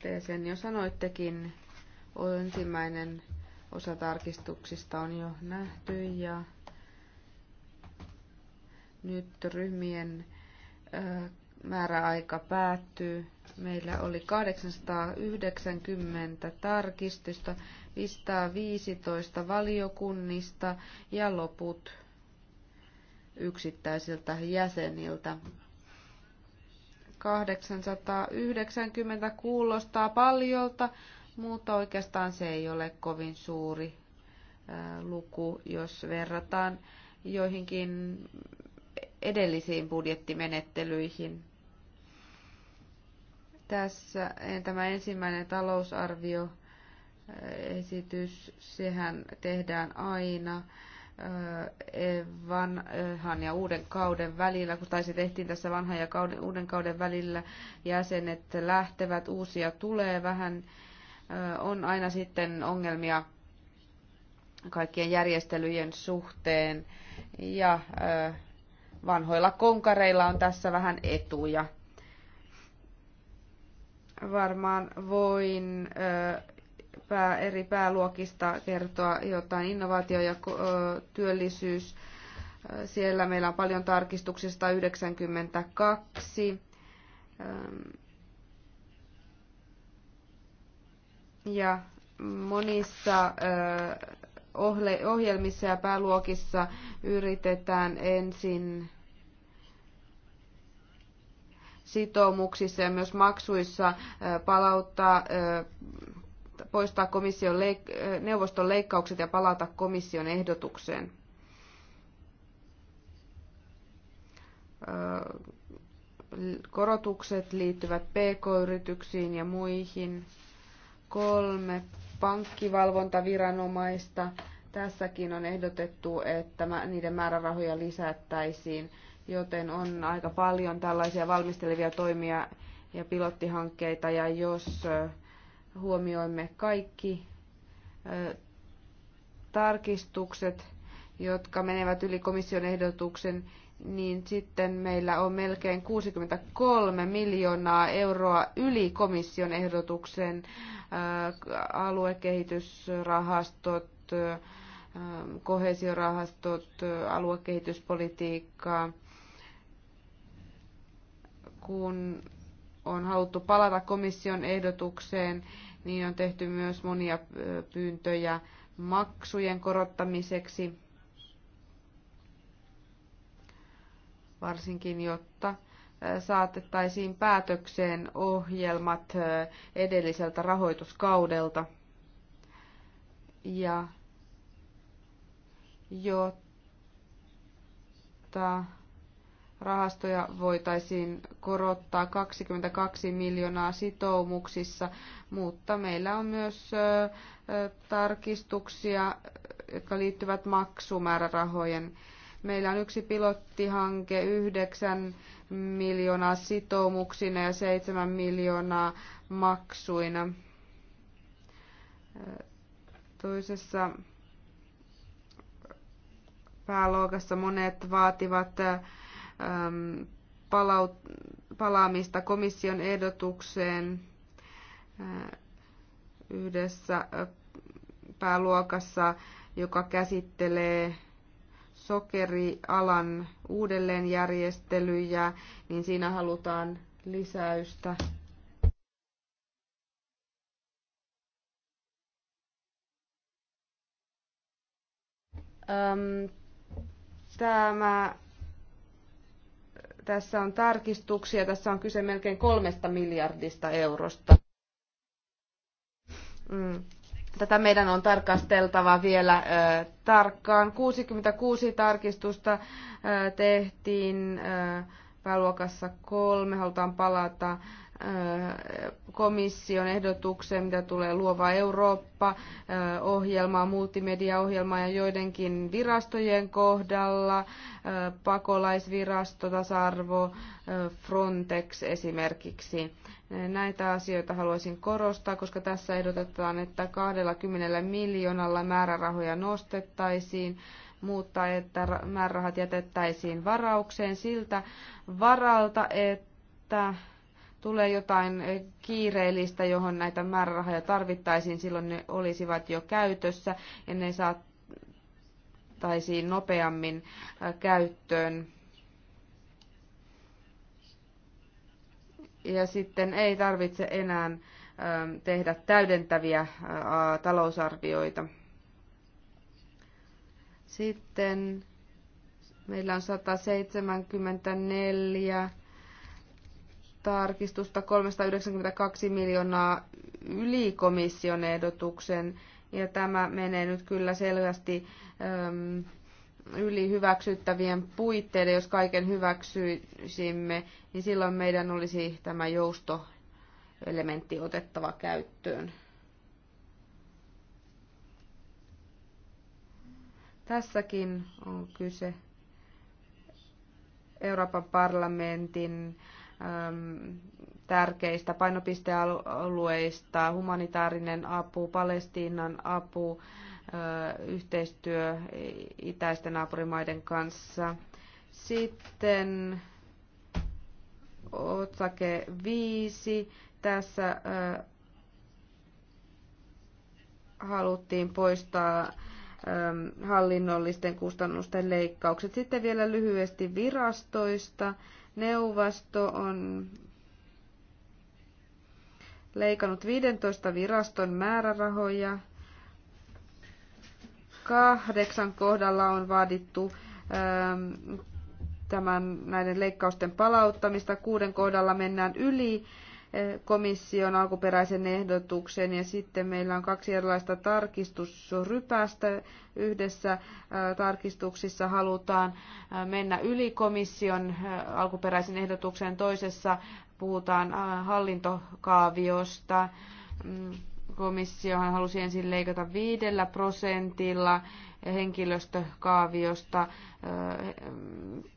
Te sen jo sanoittekin. Ensimmäinen osa tarkistuksista on jo nähty ja nyt ryhmien määräaika päättyy. Meillä oli 890 tarkistusta viisitoista valiokunnista ja loput yksittäisiltä jäseniltä. 890 kuulostaa paljolta, mutta oikeastaan se ei ole kovin suuri luku, jos verrataan joihinkin edellisiin budjettimenettelyihin. Tässä tämä ensimmäinen talousarvio esitys, sehän tehdään aina äh, vanhan äh, ja uuden kauden välillä, kun tai se tehtiin tässä vanhan ja kauden, uuden kauden välillä, jäsenet lähtevät, uusia tulee vähän, äh, on aina sitten ongelmia kaikkien järjestelyjen suhteen ja vanhoilla konkareilla on tässä vähän etuja. Varmaan voin pää, eri pääluokista kertoa jotain innovaatio- ja työllisyys. Siellä meillä on paljon tarkistuksista 92. Ja monissa ohjelmissa ja pääluokissa yritetään ensin sitoumuksissa ja myös maksuissa palauttaa poistaa komission leik- neuvoston leikkaukset ja palata komission ehdotukseen. Korotukset liittyvät pk-yrityksiin ja muihin. Kolme pankkivalvontaviranomaista. Tässäkin on ehdotettu, että niiden määrärahoja lisättäisiin, joten on aika paljon tällaisia valmistelevia toimia ja pilottihankkeita. Ja jos huomioimme kaikki tarkistukset, jotka menevät yli komission ehdotuksen, niin sitten meillä on melkein 63 miljoonaa euroa yli komission ehdotuksen aluekehitysrahastot, kohesiorahastot, aluekehityspolitiikkaa. Kun on haluttu palata komission ehdotukseen, niin on tehty myös monia pyyntöjä maksujen korottamiseksi, varsinkin jotta saatettaisiin päätökseen ohjelmat edelliseltä rahoituskaudelta ja jotta rahastoja voitaisiin korottaa 22 miljoonaa sitoumuksissa, mutta meillä on myös tarkistuksia, jotka liittyvät maksumäärärahojen. Meillä on yksi pilottihanke 9 miljoonaa sitoumuksina ja 7 miljoonaa maksuina. Toisessa pääluokassa monet vaativat Ähm, palaamista komission ehdotukseen äh, yhdessä äh, pääluokassa, joka käsittelee sokerialan uudelleenjärjestelyjä, niin siinä halutaan lisäystä. tämä tässä on tarkistuksia, tässä on kyse melkein kolmesta miljardista eurosta. Mm. Tätä meidän on tarkasteltava vielä äh, tarkkaan. 66 tarkistusta äh, tehtiin äh, pääluokassa kolme. Halutaan palata komission ehdotukseen, mitä tulee Luova Eurooppa-ohjelmaa, multimediaohjelmaa ja joidenkin virastojen kohdalla, pakolaisvirasto, tasa-arvo, Frontex esimerkiksi. Näitä asioita haluaisin korostaa, koska tässä ehdotetaan, että 20 miljoonalla määrärahoja nostettaisiin mutta että määrärahat jätettäisiin varaukseen siltä varalta, että tulee jotain kiireellistä, johon näitä määrärahoja tarvittaisiin, silloin ne olisivat jo käytössä ja ne saataisiin nopeammin äh, käyttöön. Ja sitten ei tarvitse enää ähm, tehdä täydentäviä äh, talousarvioita. Sitten meillä on 174 tarkistusta 392 miljoonaa yli komission ehdotuksen. Ja tämä menee nyt kyllä selvästi äm, yli hyväksyttävien puitteiden. Jos kaiken hyväksyisimme, niin silloin meidän olisi tämä joustoelementti otettava käyttöön. Tässäkin on kyse Euroopan parlamentin tärkeistä painopistealueista, humanitaarinen apu, Palestiinan apu, yhteistyö itäisten naapurimaiden kanssa. Sitten otsake 5. Tässä haluttiin poistaa hallinnollisten kustannusten leikkaukset. Sitten vielä lyhyesti virastoista. Neuvosto on leikannut 15 viraston määrärahoja. Kahdeksan kohdalla on vaadittu ähm, tämän, näiden leikkausten palauttamista. Kuuden kohdalla mennään yli komission alkuperäisen ehdotuksen ja sitten meillä on kaksi erilaista tarkistusrypästä. Yhdessä tarkistuksissa halutaan mennä yli komission alkuperäisen ehdotuksen, toisessa puhutaan hallintokaaviosta. Mm, komissiohan halusi ensin leikata viidellä prosentilla henkilöstökaaviosta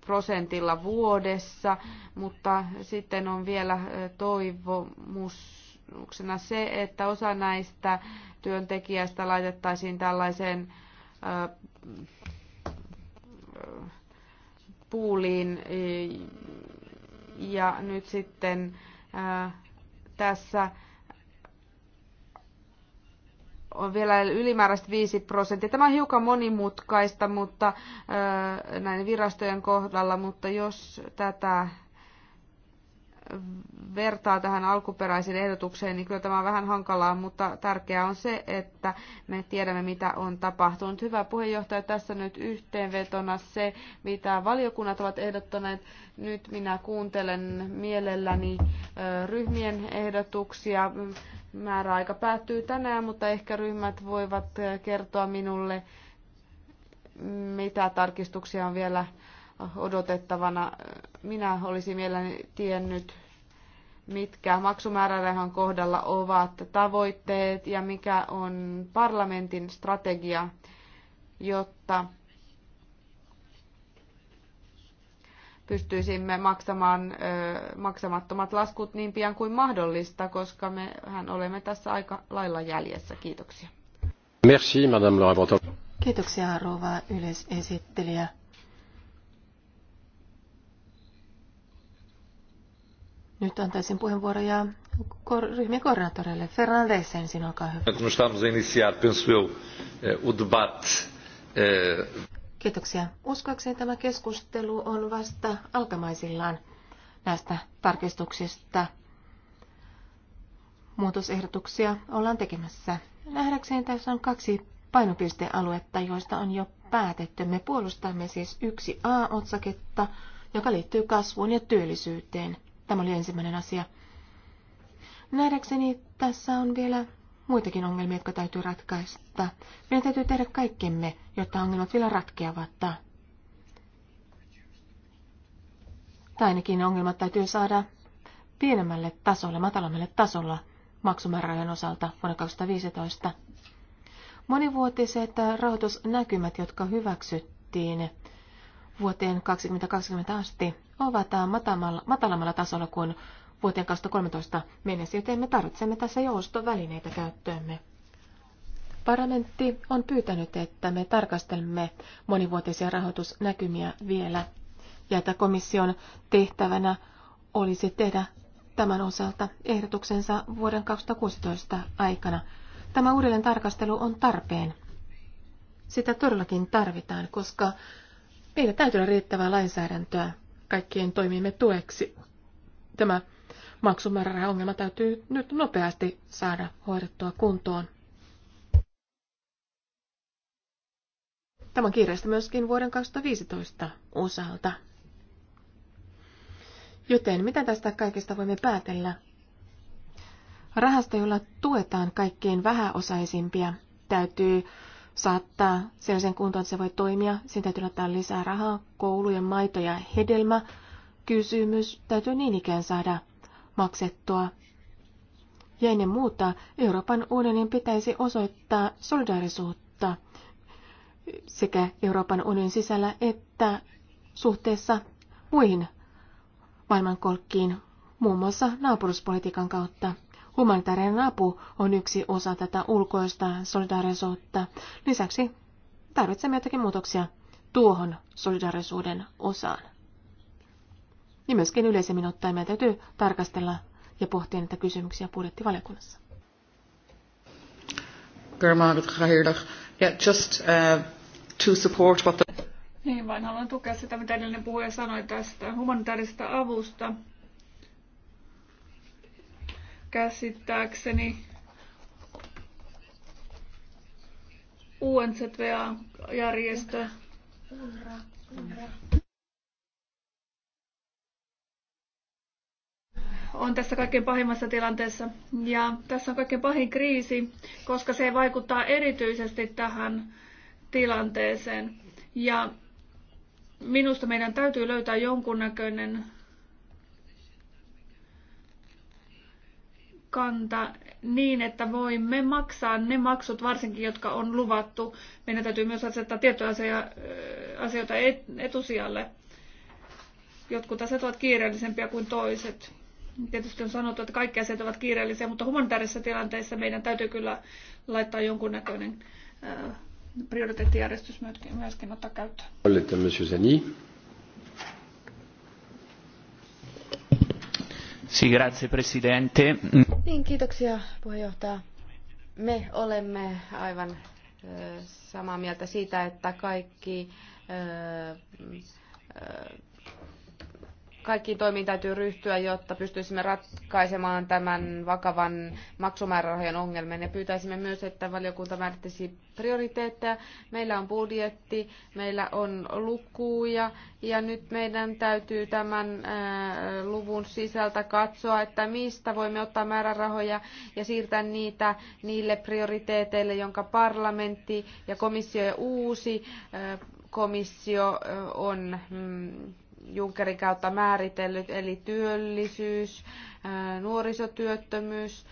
prosentilla vuodessa, mutta sitten on vielä toivomuksena se, että osa näistä työntekijästä laitettaisiin tällaiseen puuliin ja nyt sitten tässä on vielä ylimääräistä 5 prosenttia. Tämä on hiukan monimutkaista mutta näin virastojen kohdalla, mutta jos tätä vertaa tähän alkuperäiseen ehdotukseen, niin kyllä tämä on vähän hankalaa, mutta tärkeää on se, että me tiedämme, mitä on tapahtunut. Hyvä puheenjohtaja, tässä nyt yhteenvetona se, mitä valiokunnat ovat ehdottaneet. Nyt minä kuuntelen mielelläni ryhmien ehdotuksia määräaika päättyy tänään, mutta ehkä ryhmät voivat kertoa minulle, mitä tarkistuksia on vielä odotettavana. Minä olisin mielelläni tiennyt, mitkä maksumäärärahan kohdalla ovat tavoitteet ja mikä on parlamentin strategia, jotta pystyisimme maksamaan maksamattomat laskut niin pian kuin mahdollista, koska mehän olemme tässä aika lailla jäljessä. Kiitoksia. Merci, Madame la Kiitoksia, rouva yleisesittelijä. Nyt antaisin puheenvuoroja ryhmien koordinaattoreille. Fernandes ensin, olkaa hyvä. estamos a iniciar, penso eu, eh, o debate eh, Kiitoksia. Uskoakseni tämä keskustelu on vasta alkamaisillaan näistä tarkistuksista. Muutosehdotuksia ollaan tekemässä. Nähdäkseni tässä on kaksi painopistealuetta, joista on jo päätetty. Me puolustamme siis yksi A-otsaketta, joka liittyy kasvuun ja työllisyyteen. Tämä oli ensimmäinen asia. Nähdäkseni tässä on vielä muitakin ongelmia, jotka täytyy ratkaista. Meidän täytyy tehdä kaikkemme, jotta ongelmat vielä ratkeavat. Tai ainakin ongelmat täytyy saada pienemmälle tasolle, matalammalle tasolla maksumäärän osalta vuonna 2015. Monivuotiset rahoitusnäkymät, jotka hyväksyttiin vuoteen 2020 asti, ovat matalammalla tasolla kuin vuoteen 2013 mennessä, joten me tarvitsemme tässä joustovälineitä käyttöömme. Parlamentti on pyytänyt, että me tarkastelemme monivuotisia rahoitusnäkymiä vielä ja että komission tehtävänä olisi tehdä tämän osalta ehdotuksensa vuoden 2016 aikana. Tämä uudelleen tarkastelu on tarpeen. Sitä todellakin tarvitaan, koska meillä täytyy olla riittävää lainsäädäntöä kaikkien toimimme tueksi. Tämä ongelma täytyy nyt nopeasti saada hoidettua kuntoon. Tämä on kiireistä myöskin vuoden 2015 osalta. Joten mitä tästä kaikesta voimme päätellä? Rahasta, jolla tuetaan kaikkein vähäosaisimpia, täytyy saattaa sellaisen kuntoon, että se voi toimia. Siinä täytyy laittaa lisää rahaa, koulujen maito ja hedelmä. Kysymys täytyy niin ikään saada maksettua. Ja ennen muuta Euroopan unionin pitäisi osoittaa solidaarisuutta sekä Euroopan unionin sisällä että suhteessa muihin maailmankolkkiin, muun muassa naapuruspolitiikan kautta. Humanitaarinen apu on yksi osa tätä ulkoista solidaarisuutta. Lisäksi tarvitsemme jotakin muutoksia tuohon solidaarisuuden osaan. Ja myöskin yleisemmin ottaen meidän täytyy tarkastella ja pohtia näitä kysymyksiä budjettivaliokunnassa. ja just uh, to support what the... Niin, vain haluan tukea sitä, mitä edellinen puhuja sanoi tästä humanitaarisesta avusta. Käsittääkseni UNZVA-järjestö on tässä kaikkein pahimmassa tilanteessa. Ja tässä on kaikkein pahin kriisi, koska se vaikuttaa erityisesti tähän tilanteeseen. Ja minusta meidän täytyy löytää jonkunnäköinen kanta niin, että voimme maksaa ne maksut varsinkin, jotka on luvattu. Meidän täytyy myös asettaa tiettyjä asioita etusijalle. Jotkut asiat ovat kiireellisempiä kuin toiset. Tietysti on sanottu, että kaikki asiat ovat kiireellisiä, mutta humanitäärisessä tilanteessa meidän täytyy kyllä laittaa jonkunnäköinen äh, prioriteettijärjestys myöskin ottaa käyttöön. Sì, grazie Presidente. Niin, kiitoksia puheenjohtaja. Me olemme aivan äh, samaa mieltä siitä, että kaikki äh, kaikkiin toimiin täytyy ryhtyä, jotta pystyisimme ratkaisemaan tämän vakavan maksumäärärahojen ongelman. Ja pyytäisimme myös, että valiokunta määrittäisi prioriteetteja. Meillä on budjetti, meillä on lukuja ja nyt meidän täytyy tämän äh, luvun sisältä katsoa, että mistä voimme ottaa määrärahoja ja siirtää niitä niille prioriteeteille, jonka parlamentti ja komissio ja uusi äh, komissio äh, on mm, Junckerin kautta määritellyt, eli työllisyys, nuorisotyöttömyys,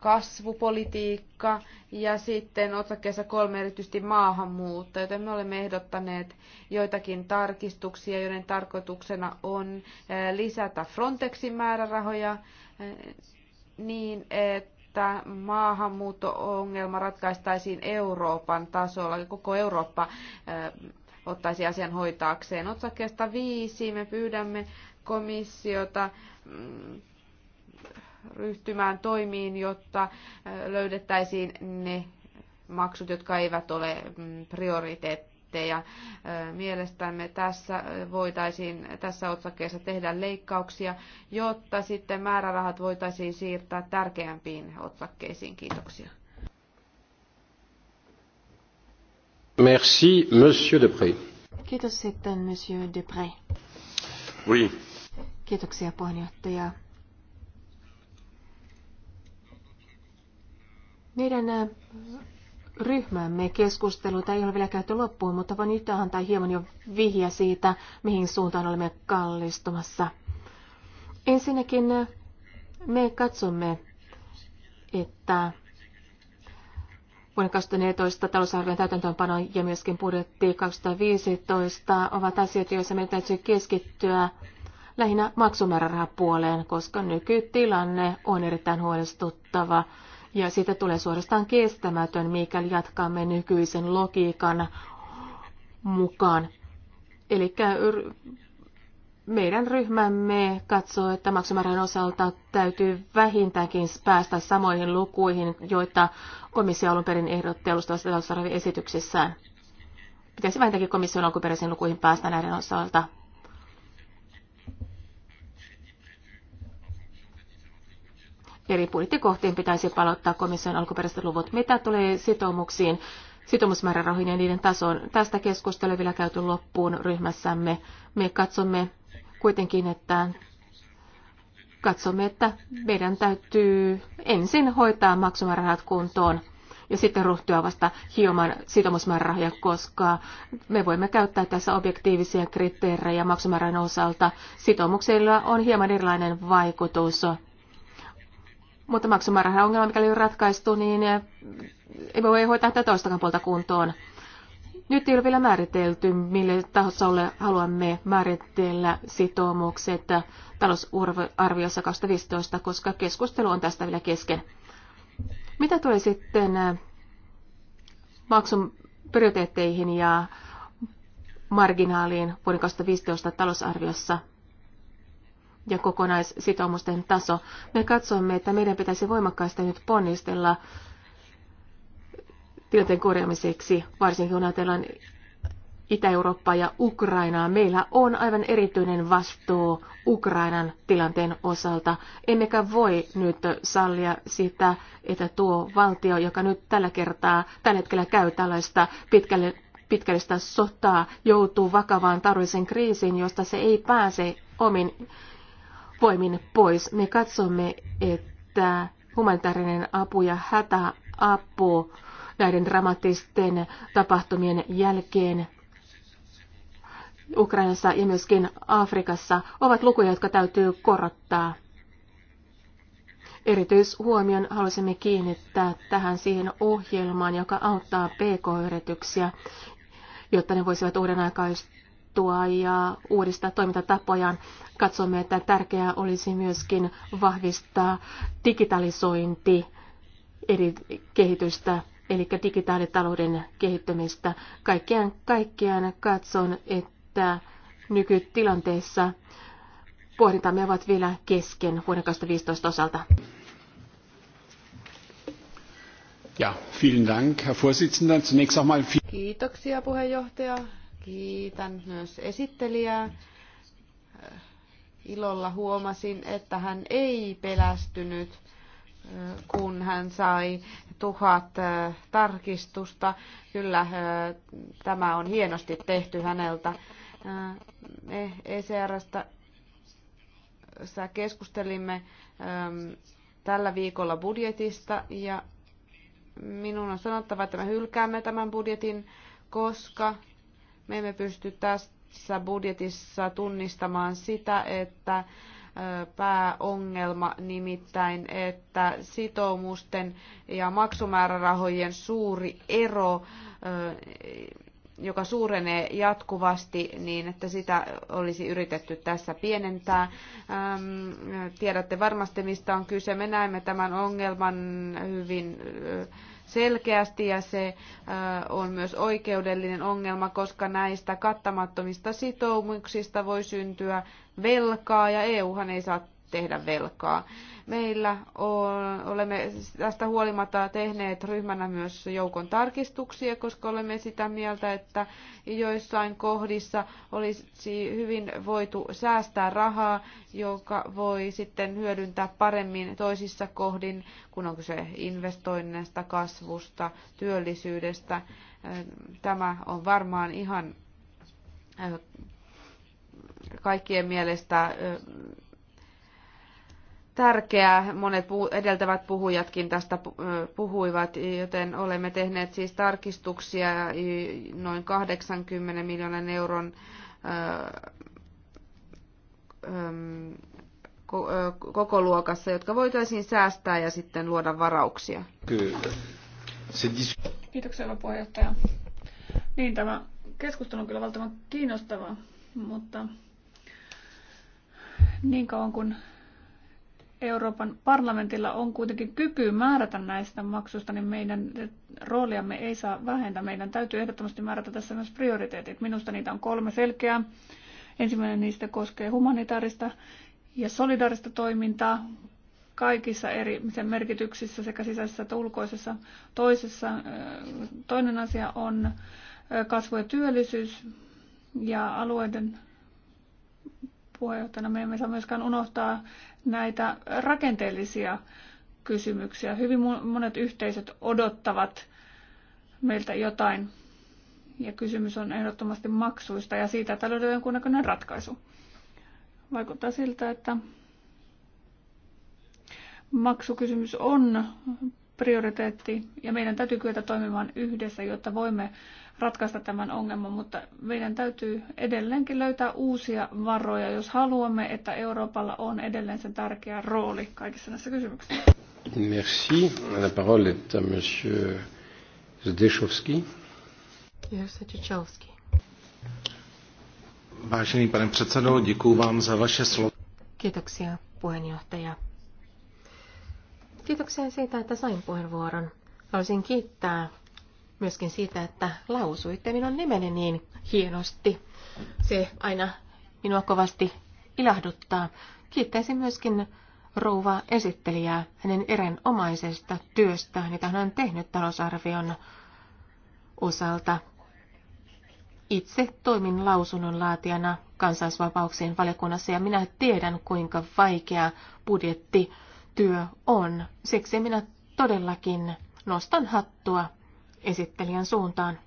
kasvupolitiikka ja sitten otsakkeessa kolme erityisesti maahanmuutto, joten me olemme ehdottaneet joitakin tarkistuksia, joiden tarkoituksena on lisätä Frontexin määrärahoja niin, että maahanmuutto-ongelma ratkaistaisiin Euroopan tasolla, koko Eurooppa ottaisi asian hoitaakseen. Otsakkeesta viisi me pyydämme komissiota mm, ryhtymään toimiin, jotta löydettäisiin ne maksut, jotka eivät ole mm, prioriteetteja. Mielestämme tässä voitaisiin tässä otsakkeessa tehdä leikkauksia, jotta sitten määrärahat voitaisiin siirtää tärkeämpiin otsakkeisiin. Kiitoksia. Merci, Monsieur Depré. Kiitos sitten, Monsieur Depré. Oui. Kiitoksia, puheenjohtaja. Meidän äh, ryhmämme keskusteluita ei ole vielä käyty loppuun, mutta voin nyt antaa hieman jo vihja siitä, mihin suuntaan olemme kallistumassa. Ensinnäkin äh, me katsomme, että vuoden 2014 talousarvion täytäntöönpano ja myöskin budjetti 2015 ovat asioita, joissa meidän täytyy keskittyä lähinnä maksumäärärahapuoleen, koska nykytilanne on erittäin huolestuttava ja siitä tulee suorastaan kestämätön, mikäli jatkamme nykyisen logiikan mukaan. Eli meidän ryhmämme katsoo, että maksimäärän osalta täytyy vähintäänkin päästä samoihin lukuihin, joita komissio alun perin ehdotti alustavassa talousarvioesityksessään. Pitäisi vähintäänkin komission alkuperäisiin lukuihin päästä näiden osalta. Eri budjettikohtiin pitäisi palauttaa komission alkuperäiset luvut. Mitä tulee sitoumuksiin, sitoumusmäärärahoihin ja niiden tasoon. Tästä keskustelua vielä käyty loppuun ryhmässämme. Me katsomme, kuitenkin, että katsomme, että meidän täytyy ensin hoitaa maksumäärärahat kuntoon ja sitten ryhtyä vasta hiomaan sitomusmäärärahoja, koska me voimme käyttää tässä objektiivisia kriteerejä maksumäärän osalta. Sitoumuksilla on hieman erilainen vaikutus. Mutta maksumäärärahan ongelma, mikäli on ratkaistu, niin ei voi hoitaa tätä toistakaan puolta kuntoon. Nyt ei ole vielä määritelty, mille tasolle haluamme määritellä sitoumukset talousarviossa 2015, koska keskustelu on tästä vielä kesken. Mitä tulee sitten äh, maksun prioriteetteihin ja marginaaliin vuoden 2015 talousarviossa ja kokonaissitoumusten taso. Me katsomme, että meidän pitäisi voimakkaasti nyt ponnistella tilanteen korjaamiseksi, varsinkin kun ajatellaan Itä-Eurooppaa ja Ukrainaa. Meillä on aivan erityinen vastuu Ukrainan tilanteen osalta. Emmekä voi nyt sallia sitä, että tuo valtio, joka nyt tällä kertaa, tällä hetkellä käy tällaista pitkälle, pitkällistä sotaa, joutuu vakavaan taloudelliseen kriisiin, josta se ei pääse omin voimin pois. Me katsomme, että humanitaarinen apu ja hätäapu näiden dramaattisten tapahtumien jälkeen Ukrainassa ja myöskin Afrikassa ovat lukuja, jotka täytyy korottaa. Erityishuomion haluaisimme kiinnittää tähän siihen ohjelmaan, joka auttaa pk-yrityksiä, jotta ne voisivat uuden aikaistua ja uudistaa toimintatapojaan. Katsomme, että tärkeää olisi myöskin vahvistaa digitalisointi eri kehitystä eli digitaalitalouden kehittämistä. Kaikkiaan, kaikkiaan katson, että nykytilanteessa pohdintamme ovat vielä kesken vuoden 2015 osalta. Ja, vielen Dank, Herr Vorsitzender. Zunächst auch mal Kiitoksia puheenjohtaja. Kiitän myös esittelijää. Ilolla huomasin, että hän ei pelästynyt, kun hän sai tuhat tarkistusta. Kyllä tämä on hienosti tehty häneltä. ECRstä e keskustelimme tällä viikolla budjetista ja minun on sanottava, että me hylkäämme tämän budjetin, koska me emme pysty tässä budjetissa tunnistamaan sitä, että pääongelma, nimittäin että sitoumusten ja maksumäärärahojen suuri ero joka suurenee jatkuvasti niin, että sitä olisi yritetty tässä pienentää. tiedätte varmasti, mistä on kyse. Me näemme tämän ongelman hyvin selkeästi ja se äh, on myös oikeudellinen ongelma, koska näistä kattamattomista sitoumuksista voi syntyä velkaa ja EUhan ei saa tehdä velkaa. Meillä on, olemme tästä huolimatta tehneet ryhmänä myös joukon tarkistuksia, koska olemme sitä mieltä, että joissain kohdissa olisi hyvin voitu säästää rahaa, joka voi sitten hyödyntää paremmin toisissa kohdin, kun on kyse investoinneista, kasvusta, työllisyydestä. Tämä on varmaan ihan kaikkien mielestä tärkeää. Monet edeltävät puhujatkin tästä puhuivat, joten olemme tehneet siis tarkistuksia noin 80 miljoonan euron koko luokassa, jotka voitaisiin säästää ja sitten luoda varauksia. Kiitoksia, hyvä puheenjohtaja. Niin, tämä keskustelu on kyllä valtavan kiinnostava, mutta niin kauan kuin Euroopan parlamentilla on kuitenkin kyky määrätä näistä maksuista, niin meidän rooliamme ei saa vähentää. Meidän täytyy ehdottomasti määrätä tässä myös prioriteetit. Minusta niitä on kolme selkeää. Ensimmäinen niistä koskee humanitaarista ja solidaarista toimintaa kaikissa eri sen merkityksissä sekä sisäisessä että ulkoisessa. Toisessa, toinen asia on kasvu ja työllisyys ja alueiden puheenjohtajana me emme saa myöskään unohtaa näitä rakenteellisia kysymyksiä. Hyvin monet yhteisöt odottavat meiltä jotain ja kysymys on ehdottomasti maksuista ja siitä, että löydetään jonkunnäköinen ratkaisu. Vaikuttaa siltä, että maksukysymys on prioriteetti ja meidän täytyy kyetä toimimaan yhdessä, jotta voimme ratkaista tämän ongelman, mutta meidän täytyy edelleenkin löytää uusia varoja, jos haluamme, että Euroopalla on edelleen sen tärkeä rooli kaikissa näissä kysymyksissä. Merci. La parole est à monsieur Zdechowski. Vážený pane předsedo, děkuji vám za vaše slovo. Kiitoksia puheenjohtaja. Kiitoksia siitä, että sain puheenvuoron. Haluaisin kiittää myöskin siitä, että lausuitte minun nimeni niin hienosti. Se aina minua kovasti ilahduttaa. Kiittäisin myöskin rouva esittelijää hänen erinomaisesta työstään, mitä hän on tehnyt talousarvion osalta. Itse toimin lausunnon laatijana kansaisvapauksien valiokunnassa ja minä tiedän, kuinka vaikea budjetti työ on. Siksi minä todellakin nostan hattua esittelijän suuntaan.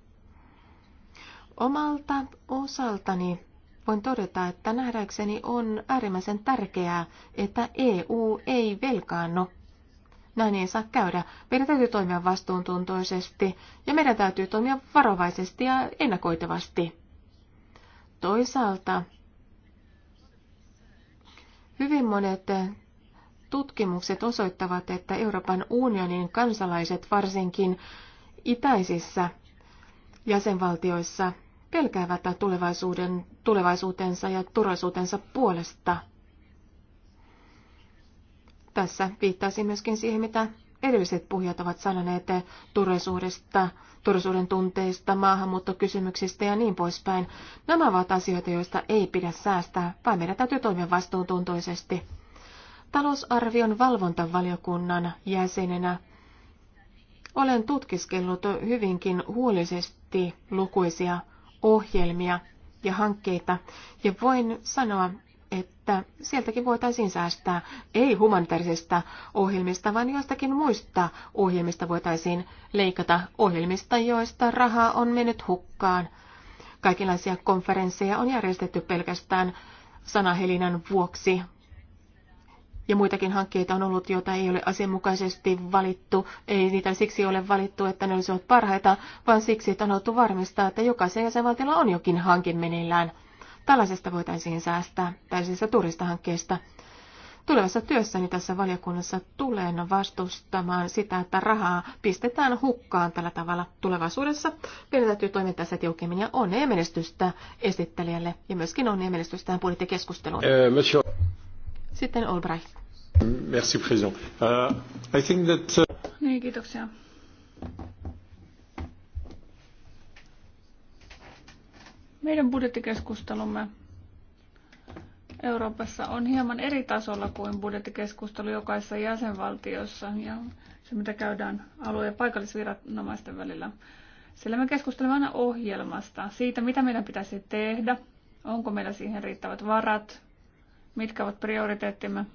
Omalta osaltani voin todeta, että nähdäkseni on äärimmäisen tärkeää, että EU ei velkaannu. Näin ei saa käydä. Meidän täytyy toimia vastuuntuntoisesti ja meidän täytyy toimia varovaisesti ja ennakoitavasti. Toisaalta hyvin monet tutkimukset osoittavat, että Euroopan unionin kansalaiset varsinkin itäisissä jäsenvaltioissa pelkäävät tulevaisuuden, tulevaisuutensa ja turvallisuutensa puolesta. Tässä viittaisin myöskin siihen, mitä edelliset puhujat ovat sanoneet turvallisuudesta, turvallisuuden tunteista, maahanmuuttokysymyksistä ja niin poispäin. Nämä ovat asioita, joista ei pidä säästää, vaan meidän täytyy toimia vastuuntuntoisesti. Talousarvion valvontavaliokunnan jäsenenä olen tutkiskellut hyvinkin huolisesti lukuisia ohjelmia ja hankkeita, ja voin sanoa, että sieltäkin voitaisiin säästää ei humanitaarisista ohjelmista, vaan joistakin muista ohjelmista voitaisiin leikata ohjelmista, joista rahaa on mennyt hukkaan. Kaikenlaisia konferensseja on järjestetty pelkästään sanahelinän vuoksi ja muitakin hankkeita on ollut, joita ei ole asianmukaisesti valittu. Ei niitä siksi ole valittu, että ne olisivat parhaita, vaan siksi, että on haluttu varmistaa, että jokaisen jäsenvaltiolla on jokin hanke meneillään. Tällaisesta voitaisiin säästää, tällaisesta turistahankkeesta. Tulevassa työssäni tässä valiokunnassa tulen vastustamaan sitä, että rahaa pistetään hukkaan tällä tavalla tulevaisuudessa. Meidän täytyy toimia tässä tiukemmin ja onnea menestystä esittelijälle ja myöskin onnea menestystä tähän budjettikeskusteluun. Äh, sitten Olbrich. Merci, president. Uh, I think that... Uh... Niin, kiitoksia. Meidän budjettikeskustelumme Euroopassa on hieman eri tasolla kuin budjettikeskustelu jokaisessa jäsenvaltiossa ja se, mitä käydään alue- ja paikallisviranomaisten välillä. Sillä me keskustelemme aina ohjelmasta, siitä, mitä meidän pitäisi tehdä, onko meillä siihen riittävät varat, mitkä ovat prioriteettimme,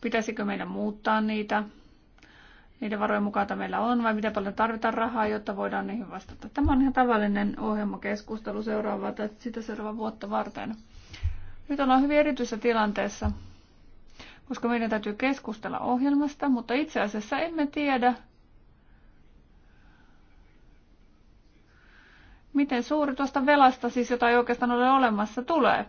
pitäisikö meidän muuttaa niitä, niiden varojen mukaan, että meillä on, vai miten paljon tarvitaan rahaa, jotta voidaan niihin vastata. Tämä on ihan tavallinen ohjelmakeskustelu seuraavaa tai sitä seuraavaa vuotta varten. Nyt ollaan hyvin erityisessä tilanteessa, koska meidän täytyy keskustella ohjelmasta, mutta itse asiassa emme tiedä, miten suuri tuosta velasta, siis jota ei oikeastaan ole olemassa, tulee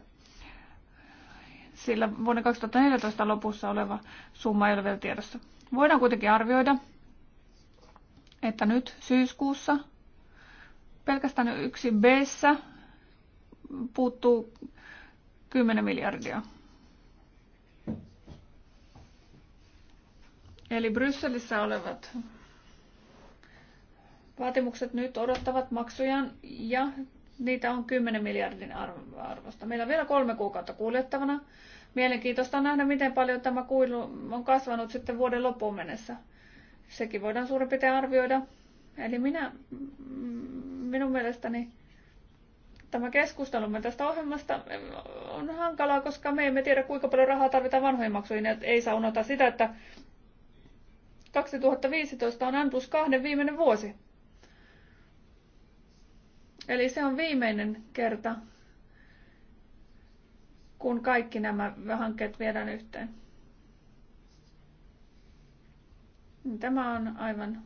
sillä vuoden 2014 lopussa oleva summa ei ole vielä tiedossa. Voidaan kuitenkin arvioida, että nyt syyskuussa pelkästään yksi b puuttuu 10 miljardia. Eli Brysselissä olevat vaatimukset nyt odottavat maksujaan ja Niitä on 10 miljardin arvosta. Meillä on vielä kolme kuukautta kuljettavana. Mielenkiintoista on nähdä, miten paljon tämä kuilu on kasvanut sitten vuoden loppuun mennessä. Sekin voidaan suurin piirtein arvioida. Eli minä, minun mielestäni tämä keskustelumme tästä ohjelmasta on hankalaa, koska me emme tiedä, kuinka paljon rahaa tarvitaan vanhoihin maksuihin. Et ei saa unohtaa sitä, että 2015 on N plus kahden viimeinen vuosi. Eli se on viimeinen kerta, kun kaikki nämä hankkeet viedään yhteen. Tämä on aivan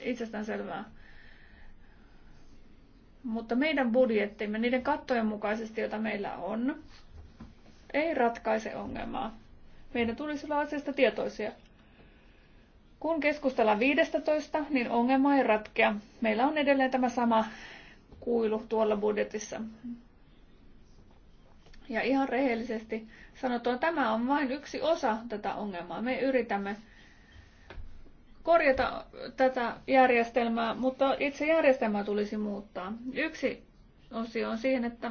itsestään selvää. Mutta meidän budjettimme niiden kattojen mukaisesti, joita meillä on, ei ratkaise ongelmaa. Meidän tulisi olla asiasta tietoisia. Kun keskustellaan 15, niin ongelma ei ratkea. Meillä on edelleen tämä sama kuilu tuolla budjetissa. Ja ihan rehellisesti sanotaan, tämä on vain yksi osa tätä ongelmaa. Me yritämme korjata tätä järjestelmää, mutta itse järjestelmää tulisi muuttaa. Yksi osio on siihen, että